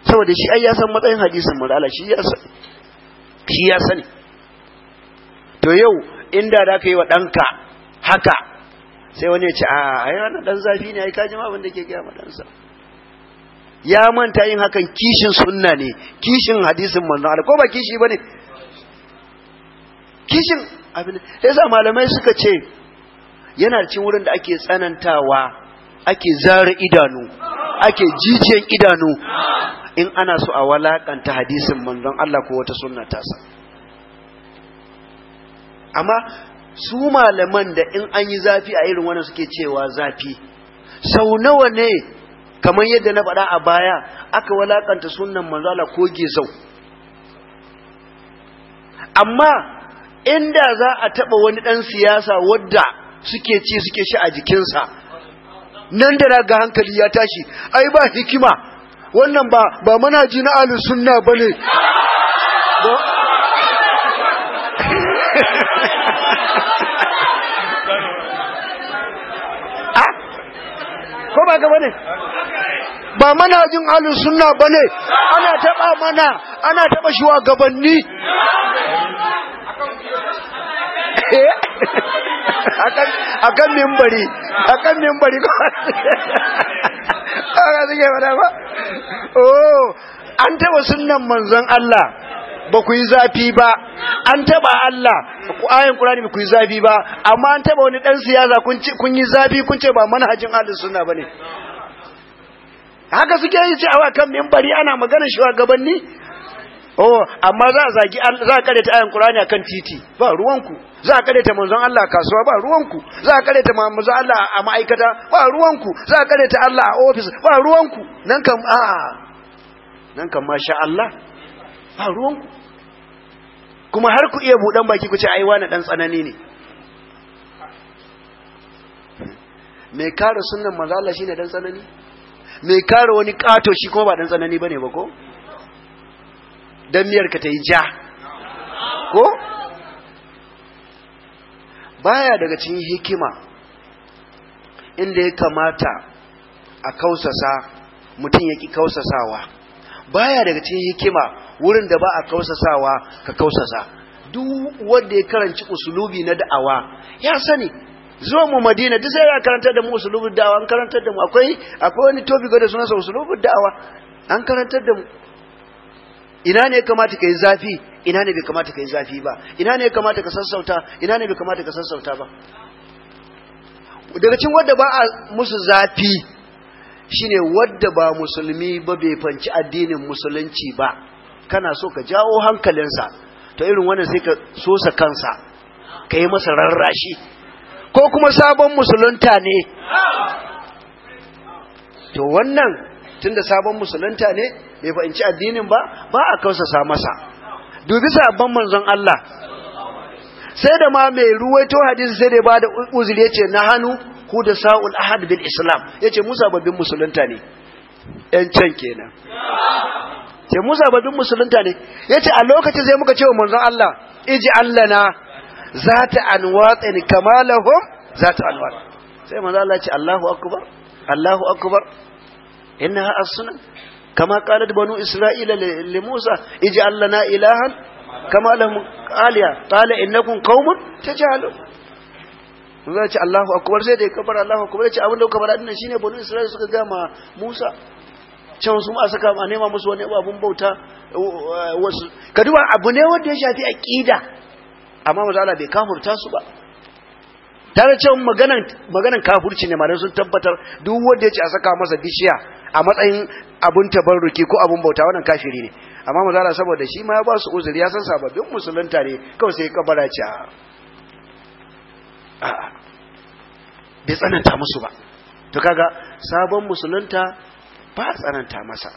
saboda shi ai ya san matsayin hadisin manzon Allah shi ya sani to yau inda da ka yi wa ɗanka haka sai wani ya ce a ah, yi wani ɗan zafi ne ai ka jima abin da ke gaya ma ɗansa ya manta yin hakan kishin sunna ne kishin hadisin manzon ko ba kishi ba ne? kishin abin yasa malamai suka ce yana cikin wurin da ake tsanantawa ake zara idanu ake jijiyan idanu in ana so a walakanta hadisin manzon Allah ko wata sunna tasa amma su malaman da in an yi zafi a irin wannan suke cewa zafi sau nawa ne kamar yadda na faɗa a baya aka walakanta sunan manzala ko gezau amma inda za a taɓa wani ɗan siyasa wadda suke ci suke shi a jikinsa nan da ga hankali ya tashi ai ba hikima wannan ba ba manaji na ahlus sunna ne. ko ba ga bane ba manhajin ahlus sunna bane ana taba mana ana taba gabanni eh? akan akan membari akan membari ko ba zige ba oh an taba sunnan manzon Allah ba ku yi zafi ba an taba Allah ayin Qur'ani ba ku yi zafi ba amma an taba wani dan siyasa kun ci kun yi zafi kun ce ba manhajin Ahlus Sunna bane haka suke yi ce awa kan minbari ana magana gabanni? oh amma za a zagi za a karanta ayin Qur'ani akan titi ba ruwanku za a karanta manzon Allah kasuwa ba ruwanku za a karanta manzon Allah a ma'aikata ba ruwanku za a karanta Allah a office ba ruwanku nan kan a nan kan masha Allah ba ruwanku kuma har ku iya buɗan baki ku ce ai wani ɗan tsanani ne mai kare sunan mazala shine ɗan tsanani mai kare wani ƙato shi kuma ba ɗan tsanani bane ba ko don miyarka ta yi ja ko baya daga cikin hikima inda ya kamata a kausasa mutum ya ƙi kausasawa baya daga cikin hikima wurin da ba a kausasawa ka kausasa duk wanda ya karanci usulubi na da'awa ya sani zuwa mu madina duk sai ya karanta da mu usulubin da'awa an karanta da mu akwai akwai wani topic da sunansa usulubin da'awa an karanta da mu ina ne kamata kai zafi ina ne bai kamata kai zafi ba ina ne kamata ka sassauta ina ne bai kamata ka sassauta ba daga cikin wanda ba a musu zafi shine wadda ba musulmi ba bai fanci addinin musulunci ba kana so ka jawo hankalinsa to irin wannan sai ka sosa kansa ka yi masa rarrashi ko kuma sabon musulunta ne to wannan tunda sabon musulunta ne bai fahimci addinin ba ba a kausasa masa dubi sabon manzon Allah sai da ma mai ruwaito hadisi sai da ba da uzuri ya ce na hannu ku da sa'ul ahad bil islam Ya ce Musa babin musulunta ne yan can kenan ce mu sababbin musulunta ne yace a lokacin zai muka ce wa manzon Allah iji Allah allana zata anwatin kama lahum zata anwat sai manzon Allah ce Allahu akbar Allahu akbar innaha as-sunnah kama qalat banu isra'ila li Musa iji Allah na ilahan kama lahum aliya qala innakum qaumun tajhalun zai ce Allahu akubar sai da ya kabar Allahu akubar ya ce abin da kuka faɗa dinnan shine banu Isra'ila suka ga ma Musa can su ma saka ma nema musu wani abun bauta uh, uh, wasu ka duba abu ne wanda ya shafi aqida amma manzo Allah bai kafurta su ba tare cewa maganan maganan kafurci ne malamai sun tabbatar duk wanda ya ce a saka masa bishiya a matsayin abun tabarruki ko abun bauta wannan kafiri ne amma manzo Allah saboda shi ma ya ba su uzuri ya san sababbin musulunta ne kawai sai ya kabara ce a'a bai tsananta musu ba to kaga sabon musulunta ba tsananta masa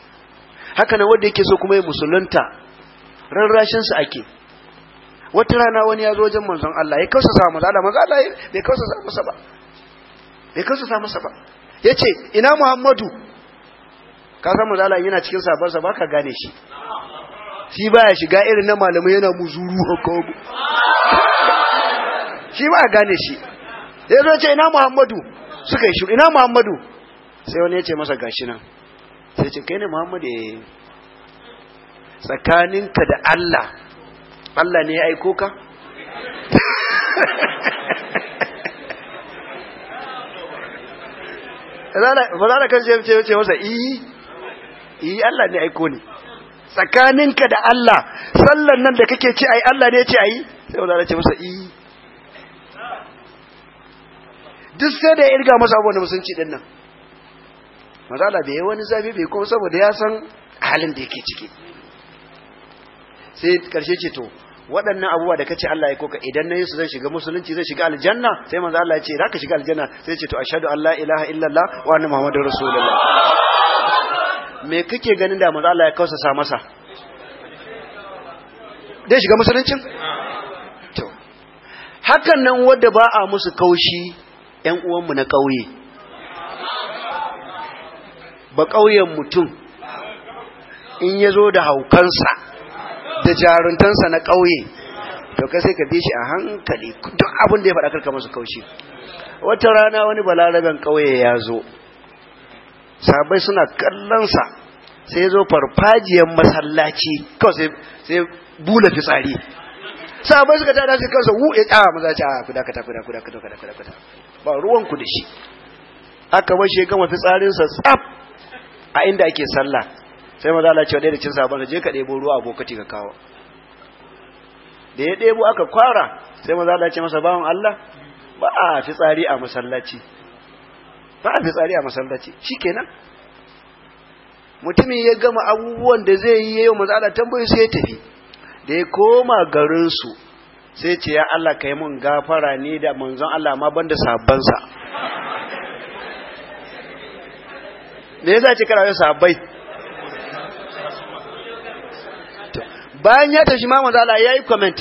haka nan wanda yake so kuma ya musulunta rarrashin su ake wata rana wani ya zo wajen manzon Allah ya kausa sa manzon Allah manzon Allah bai kausa sa masa ba bai kausa sa masa ba yace ina Muhammadu ka san manzon Allah yana cikin sabon sa baka gane shi shi baya shiga irin na malamai yana muzuru haka shi ba ya gane shi ya zo ce ina muhammadu suka yi shuru ina muhammadu sai wani ya ce masa gashi nan sai ce kai ne muhammadu ya eh. yi tsakaninka da allah allah ne ya aiko ka ba za da kan shi ce ce masa iyi iyi allah ne aiko ne tsakaninka da allah sallan nan da kake ce ai allah ne ya ce ai sai wadanda ce masa iyi duk sai da ya irga masa abubuwan da musulunci din nan mazala da ya wani zafi bai kuma saboda ya san halin da yake ciki sai karshe ce to waɗannan abubuwa da kace Allah ya koka idan na su zai shiga musulunci zai shiga aljanna sai manzo Allah ya ce zaka shiga aljanna sai ce to ashhadu an la ilaha illallah wa anna muhammadur rasulullah me kake ganin da manzo Allah ya kausa sa masa dai shiga musuluncin to hakan nan wanda ba a musu kaushi ‘yan uwanmu na ƙauye, ba ƙauyen mutum in ya zo da haukansa da jaruntansa na ƙauye, to ka sai ka bi shi a hankali duk abin da ya faɗa kamar su kaushe. Wata rana wani balaraben ƙauye ya zo, sabai suna kallonsa sai ya zo farfajiyar masallaci kawai sai bula fitsari. sabai suka tada su kansa wu ya tsaya maza ce a kudakata kudakata kudakata kuda ba ruwanku da shi aka bar gama fitsarinsa tsaf a inda ake sallah sai maza Allah cewa ɗaya da cin sabon je ka ɗebo ruwa a bokati ka kawo da ya ɗebo aka kwara sai maza Allah ce masa bawan Allah ba a fitsari a masallaci ba a fitsari a masallaci nan. mutumin ya gama abubuwan da zai yi yau maza Allah tambayi sai ya tafi da ya koma garinsu sai ce ya Allah ka yi mun gafara ni da manzon Allah ma banda sahabbansa me yasa ce karawa sahabbai bayan ya tashi ma manzon Allah yayi comment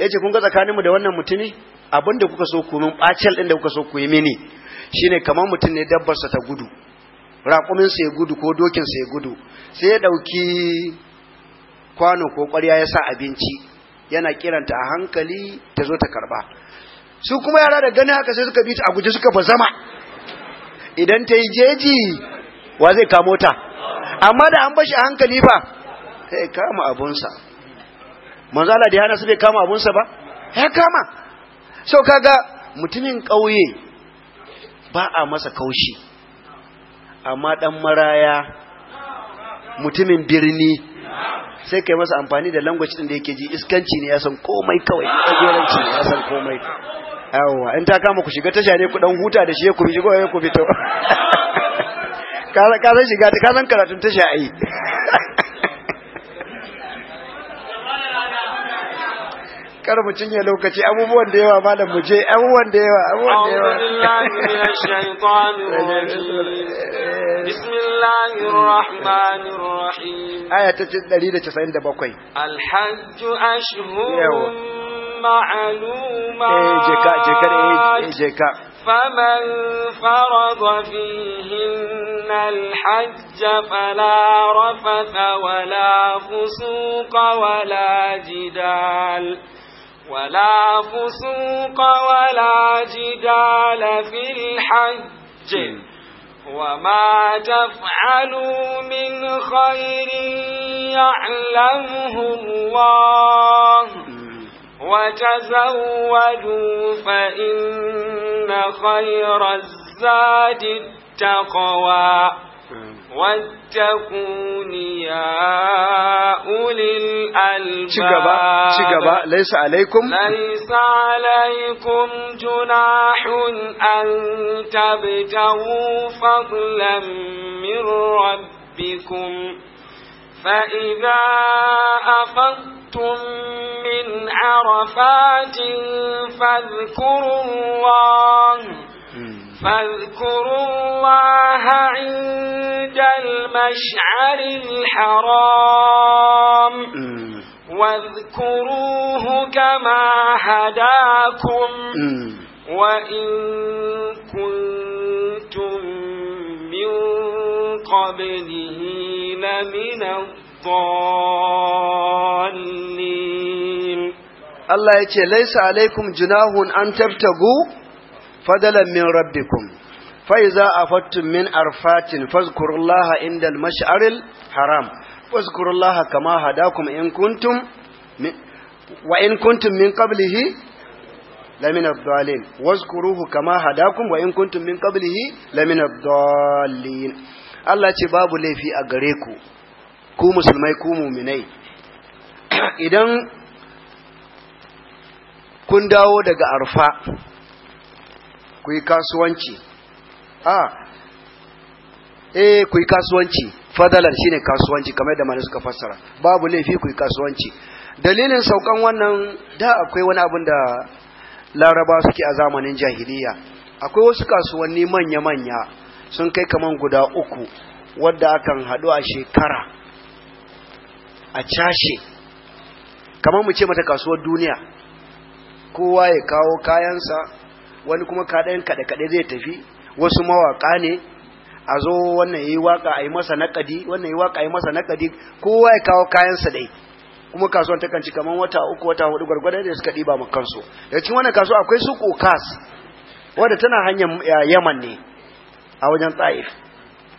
yace kun ga tsakaninmu da wannan mutumi abinda kuka so ku min bacel din da kuka so ku yi mini shine kamar mutum ne dabbar sa ta gudu raƙumin sa ya gudu ko dokin sa ya gudu sai ya dauki kwano ko ƙwarya ya sa abinci yana kiranta a hankali ta zo ta karba su kuma yara da gani haka sai suka bi ta a guje suka bazama idan ta yi jeji wa zai kamo ta amma da an bashi a hankali fa sai kama abunsa manzala da hana su bai kama abunsa ba ya kama so kaga mutumin ƙauye ba a masa kaushi amma ɗan maraya mutumin birni sai kai masa amfani da language din da yake ji iskanci ne ya san komai kawai kajeranci ne ya san komai yawa in ta kama ku shiga tasha ne ku dan huta da shi ku shigo ya ku fito ka san shiga ka san karatun tasha ai kar mu cinye lokaci abubuwan da yawa malam mu je abubuwan da yawa abubuwan da yawa بسم الله الرحمن الرحيم آية تتدريد تسعين دبقوي الحج أشهر معلومات إيه جكا جكا إيه جكا فمن فرض فيهن الحج فلا رفث ولا فسوق ولا جدال ولا فسوق ولا جدال في الحج وما تفعلوا من خير يعلمه الله وتزودوا فإن خير الزاد التقوى واتقوني يا أولي الألباب شكبا ليس عليكم ليس عليكم جناح أن تبتغوا فضلا من ربكم فإذا أفضتم من عرفات فاذكروا الله فاذكروا الله عند المشعر الحرام واذكروه كما هداكم وإن كنتم من قبله لمن الضالين الله يقول ليس عليكم جناه أن تبتغوا fadalan min rabbikum fa iza afattum min arfatin fazkurullaha inda al haram fazkurullaha kama hadakum in wa in kuntum min qablihi lamin ad-dallin wazkuruhu kama hadakum wa in kuntum min qablihi lamin ad Allah ce babu laifi a gare ku ku musulmai ku muminai idan kun dawo daga arfa ku yi kasuwanci a eh ku yi kasuwanci fadalar shine kasuwanci kamar da malamai suka fassara babu laifi ku yi kasuwanci dalilin saukan wannan da akwai wani abin da laraba suke a zamanin jahiliya akwai wasu kasuwanni manya-manya sun kai kaman guda uku wadda akan haɗu a shekara a cashe kamar mu ce mata kasuwar duniya kowa ya kawo kayansa wani kuma kaɗayan kaɗe-kaɗe zai tafi wasu mawaƙa ne a zo wannan ya yi waƙa a yi masa naƙadi wannan ya yi waƙa a yi masa naƙadi kowa ya kawo kayansa dai kuma kasuwan ta kanci kamar wata uku wata hudu gwargwadon da suka ɗiba ma kansu da cikin wannan kasuwa akwai su kokas wadda tana hanyar yaman ne a wajen tsaif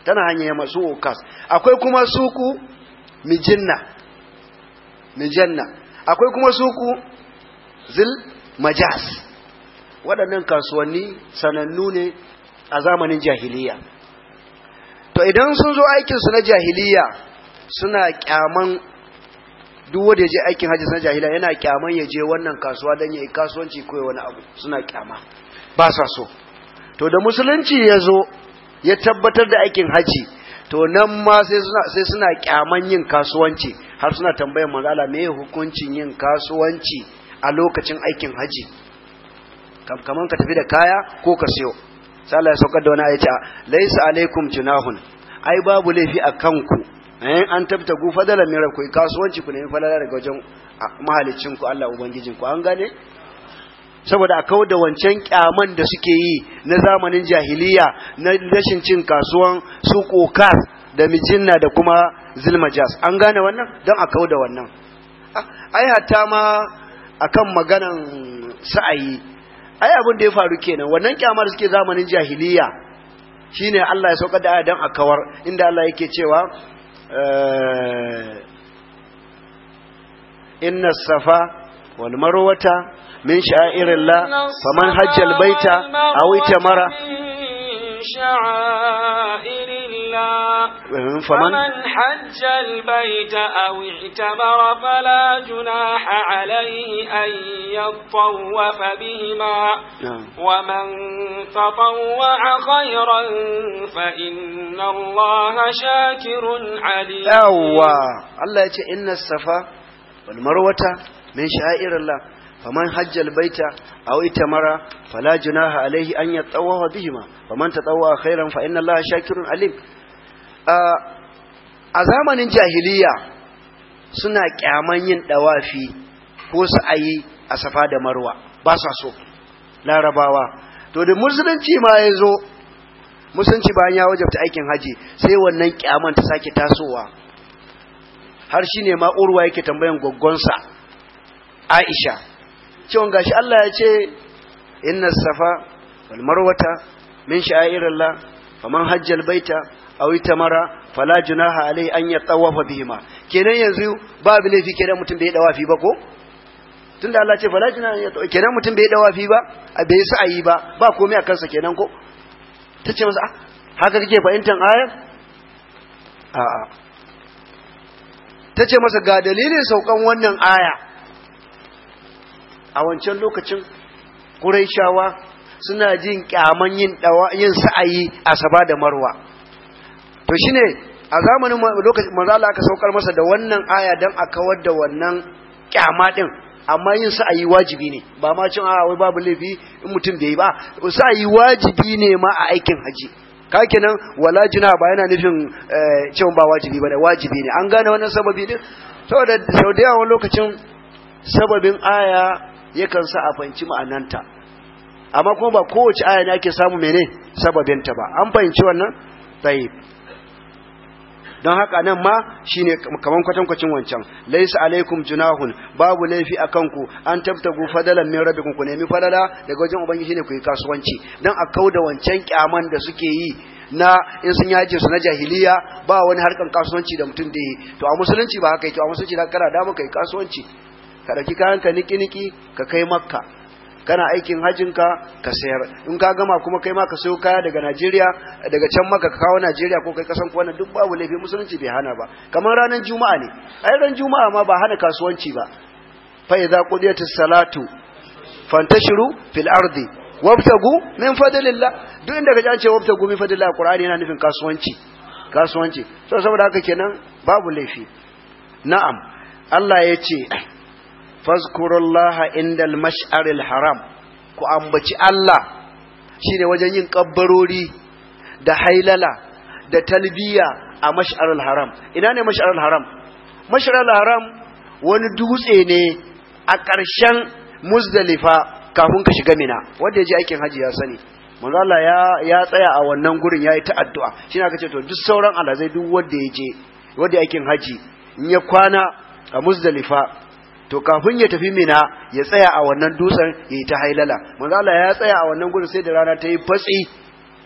tana hanyar yaman su kokas akwai kuma suku mijinna mijanna akwai kuma suku zil majas waɗannan kasuwanni sanannu ne a zamanin jahiliya to idan sun zo aikinsu na jahiliya suna kyaman duk wanda ya je aikin hajji na jahiliya yana kyaman ya je wannan kasuwa don ya yi kasuwanci ko wani abu suna kyama ba sa so to da musulunci ya zo ya tabbatar da aikin hajji to nan ma sai suna kyaman yin kasuwanci har suna tambayar manzala me hukuncin yin kasuwanci a lokacin aikin hajji kaman ka tafi da kaya ko ka siyo sai Allah ya saukar da wani ayati laisa alaikum junahun ai babu laifi a kanku eh an tabta gu fadalan ne rabku kasuwanci ku ne falala daga wajen mahalicin ku Allah ubangijin ku an gane saboda a kawo da wancan kyaman da suke yi na zamanin jahiliya na rashin cin kasuwan su kokar da mijinna da kuma zilmajas an gane wannan don a kawo da wannan ah, ai hatta ma akan maganan sa'ayi ai abin da ya faru kenan wannan kyamar suke zamanin jahiliya shine Allah ya saukar da aya dan a kawar inda Allah yake cewa eh, inna safa wal marwata min sha'irillah faman hajjal baita aw itamara sha'air ربنا فمن حج البيت أو اعتمر فلا جناح عليه أن يطوف بهما ومن تطوع خيرا فإن الله شاكر عليم أوه. الله يقول إن الصفا والمروة من شعائر الله فمن حج البيت أو اتمر فلا جناح عليه أن يتطوف بهما ومن تطوع خيرا فإن الله شاكر عليم a zamanin jahiliya suna kyaman yin dawafi ko su ayi a safa da marwa ba sa so larabawa to da musulunci ma ya zo musulunci bayan ya wajabta aikin haji sai wannan kyaman ta sake tasowa har shine ma urwa yake tambayan goggonsa aisha cewa gashi Allah ya ce inna safa wal marwata min sha'irillah faman hajjal baita aw mara fala junaha alai an bihi ma kenan yanzu ba babu laifi kenan mutum bai dawafi ba ko tunda Allah ce fala junaha kenan mutum bai dawafi ba bai su ayi ba ba komai a kansa kenan ko tace masa ah haka kake fahimtar ayar a'a tace masa ga dalilin saukan wannan aya a wancan lokacin shawa suna jin kyaman yin sa'ayi a Saba da Marwa to shine a zamanin lokacin manzo Allah aka saukar masa da wannan aya dan a kawar da wannan kyama din amma yin sa ayi wajibi ne ba ma cin a wai babu laifi in mutum bai yi ba sa ayi wajibi ne ma a aikin haji ka kenan wala jina ba yana nufin eh, cewa ba wajibi ba ne wajibi ne an gane wannan sababi din saboda sau da yawan lokacin sababin aya yakan sa a fahimci ma'ananta amma kuma ba kowace aya ne ake samu mene sababinta ba an fahimci wannan tayyib don haka nan ma shine kaman kwatankwacin wancan laisa alaikum junahun babu laifi a kanku an tabtagu fadalan min rabbikum ku nemi fadala daga wajen ubangiji ne ku yi kasuwanci don a kau da wancan kyaman da suke yi na in sun yaje su na jahiliya ba wani harkan kasuwanci da mutum da yi to a musulunci ba haka yake a musulunci da kana da ka yi kasuwanci ka ɗauki kayan ka niki niki ka kai makka kana aikin hajinka ka sayar in ka gama kuma kai ma ka sayo kaya daga Najeriya daga can maka ka kawo Najeriya ko kai kasan kuwa duk babu laifi musulunci bai hana ba kamar ranar juma'a ne ai ran juma'a ma ba hana kasuwanci ba fa idza qudiyatis salatu fantashiru fil ardi wabtagu min fadlillah duk inda kaje an ce wabtagu min fadlillah qur'ani yana nufin kasuwanci kasuwanci so saboda haka kenan babu laifi na'am Allah ya ce fazkurullaha indal mash'aril haram ku ambaci Allah shine wajen yin kabbarori da hailala da talbiya a mash'aril haram ina ne mash'aril haram mash'aril haram wani dutse ne a ƙarshen muzdalifa kafin ka shiga mina wanda ya ji aikin haji ya sani manzo Allah ya ya tsaya a wannan gurin yayi ta addu'a shine aka ce to duk sauran alazai duk wanda ya je wanda aikin haji in ya kwana a muzdalifa to kafin ya tafi mina ya tsaya a wannan dutsen ya yi ta hailala manzo Allah ya tsaya a wannan gurin sai da rana ta yi fatsi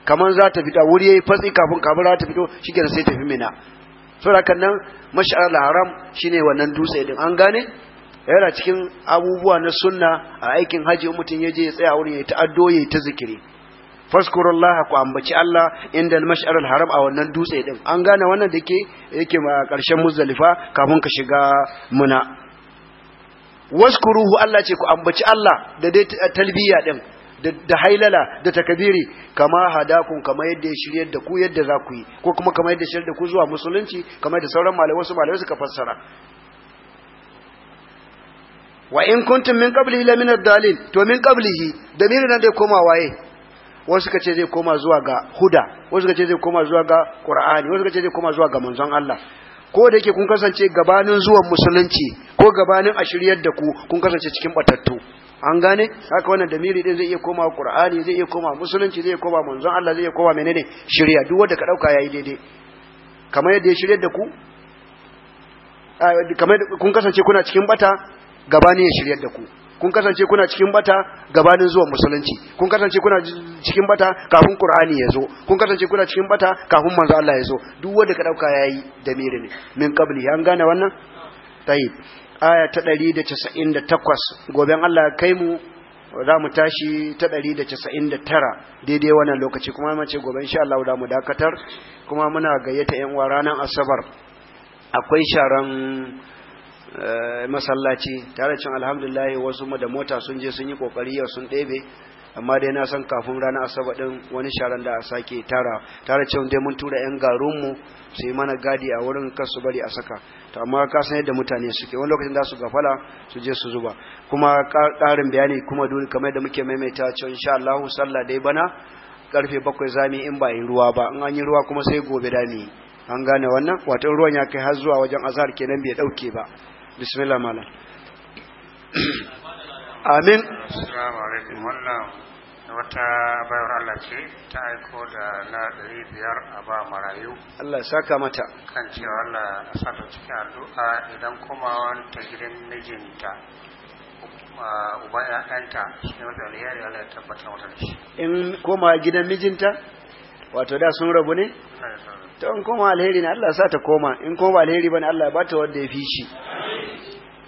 kamar za ta fita wuri ya yi fatsi kafin kafin rana ta fito shike sai tafi mina saboda kan nan mash'ar haram shine wannan dusa din an gane yana cikin abubuwa na sunna a aikin haji mutum ya je ya tsaya wurin ya ta addo ya ta zikiri faskurullaha ku ambaci Allah inda al-mash'ar al-haram a wannan dutse din an gane wannan dake yake ma karshen muzdalifa kafin ka shiga muna waskuruhu Allah ce ku ambaci Allah da dai talbiya din da hailala da takabiri kama hadakun kama yadda ya shirya da ku yadda za ku yi ko kuma kama yadda shirya da ku zuwa musulunci kama yadda sauran malamai wasu malamai suka fassara wa in kuntum min qablihi la min ad-dalil to min qablihi damiri nan dai koma waye wasu ce zai koma zuwa ga huda wasu ce zai koma zuwa ga qur'ani wasu ce zai koma zuwa ga manzon Allah ko da yake kun kasance gabanin zuwan musulunci ko gabanin a shiryar da ku kun kasance cikin batattu an gane haka wannan damiri din zai iya koma qur'ani zai iya koma musulunci zai iya koma manzon Allah zai iya koma menene shirya duk wanda ka dauka yayi daidai kamar yadda ya shiryar da ku kamar kun kasance kuna cikin bata gabanin ya shiryar da ku kun kasance kuna cikin bata gabanin zuwan musulunci kun kasance kuna cikin bata kafin qur'ani ya zo kun kasance kuna cikin bata kafin manzo Allah ya zo duk wanda ka dauka yayi miri ne min qabli an gane wannan tayyib aya ta 198 goben Allah ya kai mu za mu tashi ta 199 daidai wannan lokaci kuma mace gobe insha Allah za mu dakatar kuma muna gayyata yan uwa ranar asabar akwai sharan Eh, masallaci tare cin alhamdulillah wasu da mota sun je sun yi kokari yau sun ɗebe amma dai na san kafin ranar asabar din wani sharan da a sake tara tare cewa dai mun tura yan garun mu su yi mana gadi a wurin kasu su bari a saka to amma ka san yadda mutane suke wani lokacin za su gafala su je su zuba kuma ƙarin bayani kuma dole kamar yadda muke maimaita cewa insha Allah sallah dai bana karfe bakwai zami in ba yi ruwa ba in an yi ruwa kuma sai gobe dami an gane wannan wato ruwan ya kai har zuwa wajen azhar kenan bai dauke ba bismillah amin assalamu alaikum wannan wata bayar Allah ce ta aiko da na ɗari biyar a ba marayu Allah saka mata kan cewa Allah cikin addu'a idan kuma gidan mijinta uba shi wata Allah ya tabbata wata shi in koma gidan mijinta wato da sun rabu ne in koma alheri ne Allah sa ta koma in koma alheri bane Allah ya bata wanda ya fi shi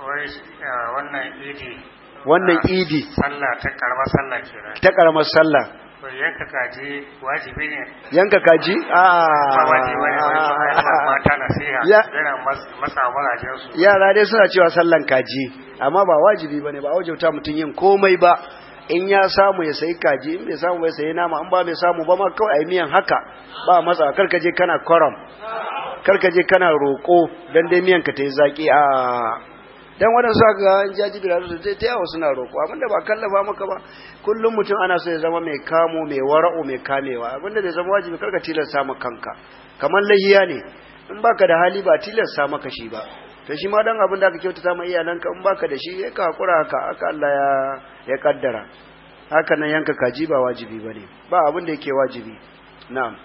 wannan idi wannan ah, idi sallah ta karamar sallah kenan ta karamar sallah yanka kaji wajibi ne yanka kaji ah. a ah. yara dai suna cewa sallan kaji amma ba wajibi ba ne ba wajauta mutum yin komai ba in ya samu ya sayi kaji in bai samu bai sayi nama an ba bai samu ba ma kawai ai miyan haka ba matsa karkaje kana karka karkaje kana roƙo don dai miyan ka ta yi zaƙi a dan waɗansu aka ga an jaji bila su ta yawo suna roƙo abinda ba kallafa maka ba kullum mutum ana so ya zama mai kamo mai wara'u mai kamewa abinda zai zama wajibi karka tilasta maka kanka kamar lahiya ne in baka da hali ba tilasta maka shi ba to shi ma dan abin da aka kyautata ma iyalanka in baka da shi ka hakura haka haka Allah ya ya kaddara haka nan yanka kaji ba wajibi bane ba abin da yake wajibi na'am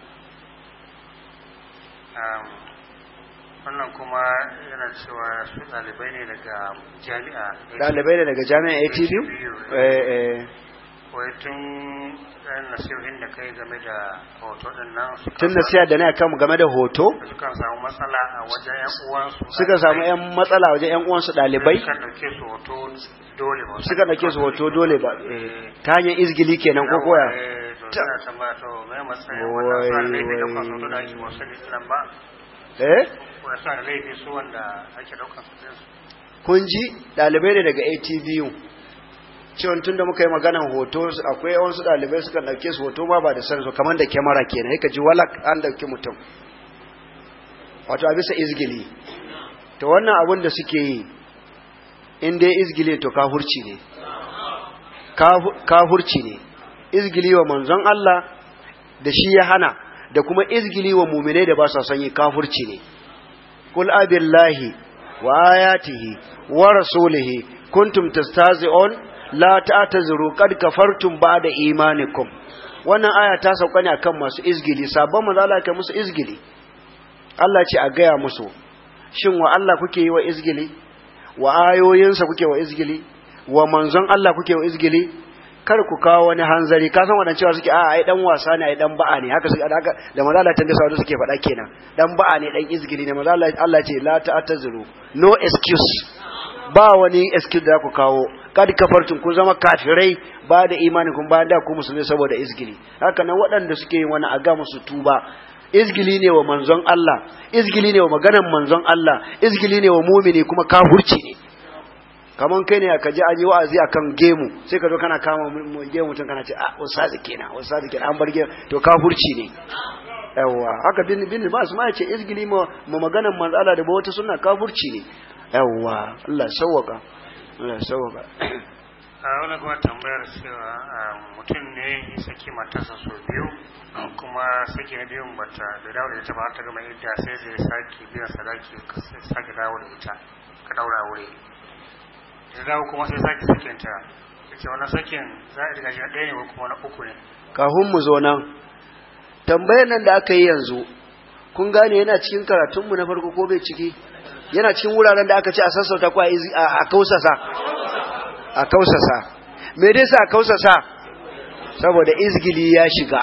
wannan kuma yana cewa su dalibai ne daga jami'a dalibai ne daga jami'a eh eh. eh eh wai tun ɗan nasihohin da kai game da hoto ɗin nan tun nasiha da na kan game da hoto suka samu matsala a wajen ƴan uwansu suka samu ƴan matsala a wajen ƴan uwansu dalibai suka ɗauke su hoto dole ba suka ɗauke su hoto dole ba eh. ta hanyar izgili kenan ko koya ta tambaya to mai matsayin wannan ne da kwaso da ake wasu islam ba Eh? kunji kun ɗalibai ne daga atvu cewa tun muka yi maganan hoto akwai wasu ɗalibai suka ɗauke su hoto ma ba da su kamar da kyamara kenan ka ji walak an ɗauki mutum wato a bisa izgili to wannan abin da suke yi in dai izgili to hurci ne hurci ne izgili wa manzon Allah da shi ya hana da kuma izgili wa muminai da ba sa sanyi kafurci ne kul abillahi wa ayatihi wa rasulihi kuntum tastazi'un la ta'tazuru qad kafartum ba'da imanikum wannan aya ta sauka ne akan masu izgili sabon manzo Allah musu izgili Allah ce a gaya musu shin wa Allah kuke yi wa izgili wa ayoyinsa kuke wa izgili wa manzon Allah kuke wa izgili kar ku kawo wani hanzari ka san wadancewa suke a ai dan wasa ne ai dan ba'a ne haka suke da mazala tan da suke faɗa kenan dan ba'a ne dan izgili ne mazala Allah ce la ta'tazuru no excuse ba wani excuse da ku kawo kad kafartun ku zama kafirai ba da imani kun ba da ku musulmi saboda izgili haka nan waɗanda suke yin wani aga musu tuba izgili ne wa manzon Allah izgili ne wa maganan manzon Allah izgili ne wa mumini kuma kafurci ne kaman kai ne ka ji aji wa'azi a kan gemu sai ka zo kana kama gemu tun kana ce a ah, ustazi kenan ustazi kenan an bar gemu to kafurci ne yawwa haka bin bin ba su ma ce izgili ma maganan manzala da wata sunna kafurci ne yawwa Allah sawwaka Allah sawwaka a wani kuma tambayar cewa mutum ne ya saki matarsa sau biyu kuma saki na biyun bata da dawo da ita ba ta gama yadda sai zai sake biyan sadaki sake dawo da ita ka daura aure da dawo kuma sai sake sakin ta ce wannan sakin za a riga shi ɗaya kuma na uku ne kahun mu zo nan tambayar nan da aka yi yanzu kun gane yana cikin karatun mu na farko ko bai ciki yana cikin wuraren da aka ce a sassauta ko a kausasa a kausasa me dai sa a kausasa saboda izgili ya shiga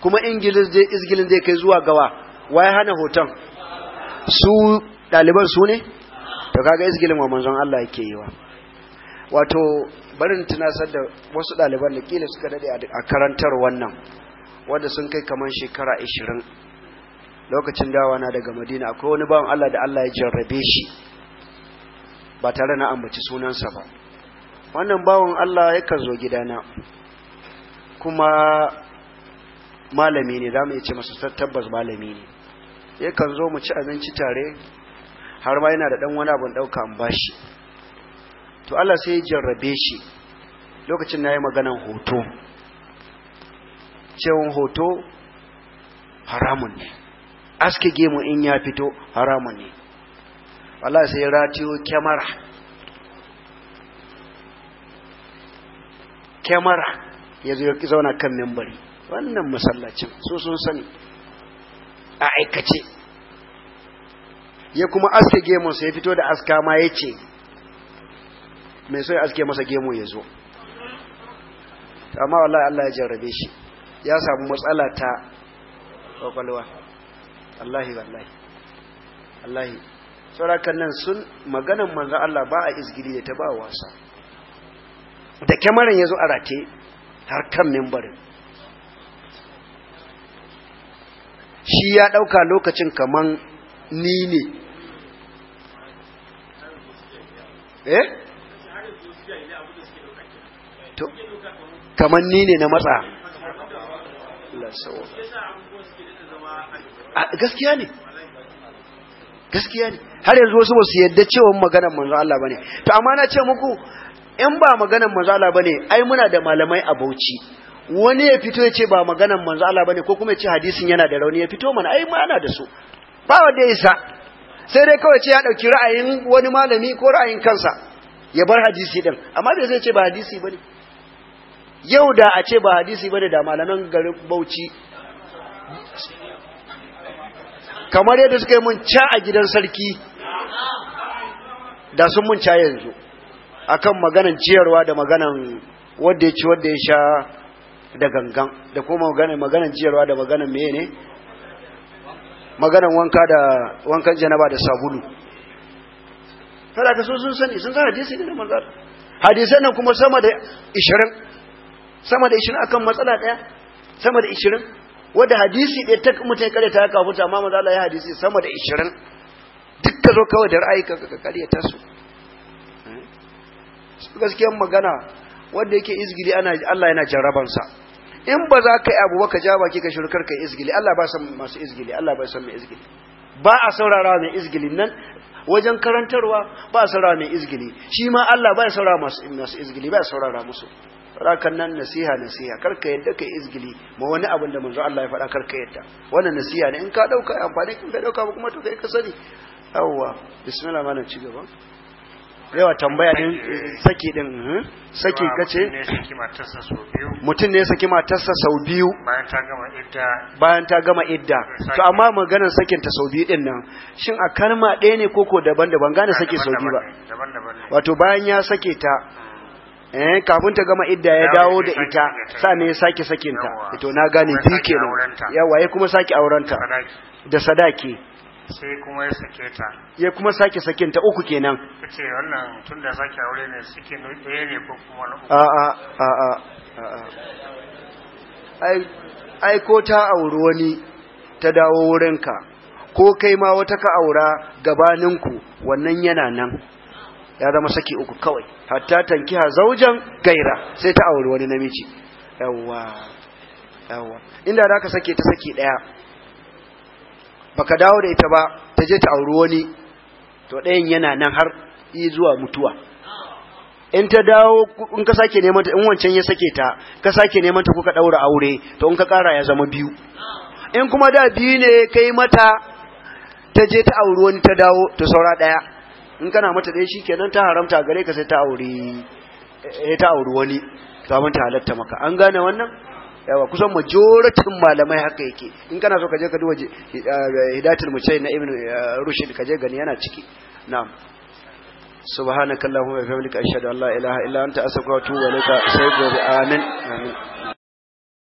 kuma ingilis zai izgilin zai kai zuwa gawa waye hana hoton su ɗaliban su ne to kaga izgilin wa manzon Allah yake yi wa wato barin tunasar da wasu ɗaliban da kila suka dade a karantar wannan wanda sun kai kamar shekara 20 lokacin dawa na daga Madina akwai wani bawan Allah da Allah ya jarrabe shi ba tare na ambaci sunansa ba wannan bawan Allah yakan zo gidana kuma malami ne za mu iya ce masa tabbas malami ne yakan zo mu ci abinci tare har ma yana da dan wani abun ɗauka an bashi to Allah sai ya jarrabe shi lokacin nayi maganan hoto cewon hoto haramun ne aske gemu in ya fito haramun ne Allah sai ratiyo kyamara kyamara ya zauna kan membari wannan masallacin so sun sani a aikace ya kuma aske sa ya fito da aska ma ya ce mai so ya aske masa gemu ya zo amma wallahi Allah ya jarrabe shi ya samu matsala ta kwakwalwa Allahi wallahi Allahi saurakan nan sun maganan manzo Allah ba a izgiri da ta ba wasa da kyamarin ya zo a rate har kan mimbarin shi ya ɗauka lokacin kaman ni ne eh to kaman ni ne na matsa ah, gaskiya ne gaskiya ne har yanzu wasu ba su yadda cewa maganar manzo Allah bane to amma na ce muku in ba maganar manzo Allah bane ai muna da malamai a Bauchi wani ya fito ya ce ba maganar manzo Allah bane ko kuma ya ce hadisin yana da rauni ya fito mana ai ma ana da su ba wanda ya isa sai dai kawai ce ya ɗauki ra'ayin wani malami ko ra'ayin kansa ya bar hadisi ɗin amma da zai ce ba hadisi ba yau da a ce ba hadisi bane ne da malaman garin bauchi kamar yadda suka yi mun ca a gidan sarki da sun mun ca yanzu akan maganan ciyarwa da maganan wadda ya ci ya sha da gangan da kuma maganan maganan ciyarwa da maganan meye ne maganan wanka da wankan janaba da sabulu kada ka so sun sani sun san hadisi ne manzo hadisan nan kuma sama da 20 sama da 20 akan matsala daya sama da 20 wanda hadisi da ta mutai kare ta ka huta amma manzo Allah ya hadisi sama da 20 duk ka zo kawai da ra'ayi ka ka kare ta su hmm? gaskiyar magana wanda yake izgili ana Allah yana jarabansa. in ba za ka yi abu baka ka ja baki ka shirkar ka izgili Allah ba san masu izgili Allah ba san mai izgili ba a saurara mai izgili nan wajen karantarwa ba a saurara mai izgili shi ma Allah ba ya saurara masu izgili ba ya saurara musu rakan nan nasiha nasiha Kar ka yadda kai izgili ma wani abin da manzo Allah ya faɗa kar ka yadda wannan nasiha ne in ka dauka amfani kin ka dauka kuma to kai ka sani yawwa bismillah mana ci gaba yawa tambaya din saki din hmm? saki kace mutum ne saki matarsa sau biyu bayan ta gama idda to amma maganar sakin ta sau biyu din nan shin a kalma ɗaya ne koko daban-daban gane saki sau biyu ba wato bayan ya sake ta eh kafin ta gama idda ya dawo da ita sannan ya sake sakinta to na gane biyu kenan yawa ya kuma sake aurenta da sadaki sai kuma ya sake ta ya kuma sake sakin ta uku kenan kace wannan tun da sake aure ne suke ɗaya ne ko kuma na uku a a a a ai ai ko ta auri wani ta dawo wurinka ko kai ma wata ka aura gabaninku wannan yana nan ya zama saki uku kawai hatta tankiha zaujan gaira sai ta auri wani namiji yawa yawa inda da sake ta saki daya baka dawo da ita ba ta je ta auri wani to ɗayan yana nan har yi zuwa mutuwa in ta dawo in ka sake neman ta in wancan ya sake ta ka sake neman ta kuka daura aure to in ka kara ya zama biyu in kuma da biyu ne kai mata ta je ta auri wani ta dawo ta saura daya in kana mata ɗaya shikenan ta haramta gare ka sai ta auri eh, ta auri wani ta halatta maka an gane wannan yawa kusan majoratin malamai haka yake in kana so ka je ka duba eh, hidatul mucai na ibnu eh, rushd ka je gani yana ciki na'am subhanakallahumma wa bihamdika ashhadu an la ilaha illa anta astaghfiruka wa atubu ilaik gobe amin amin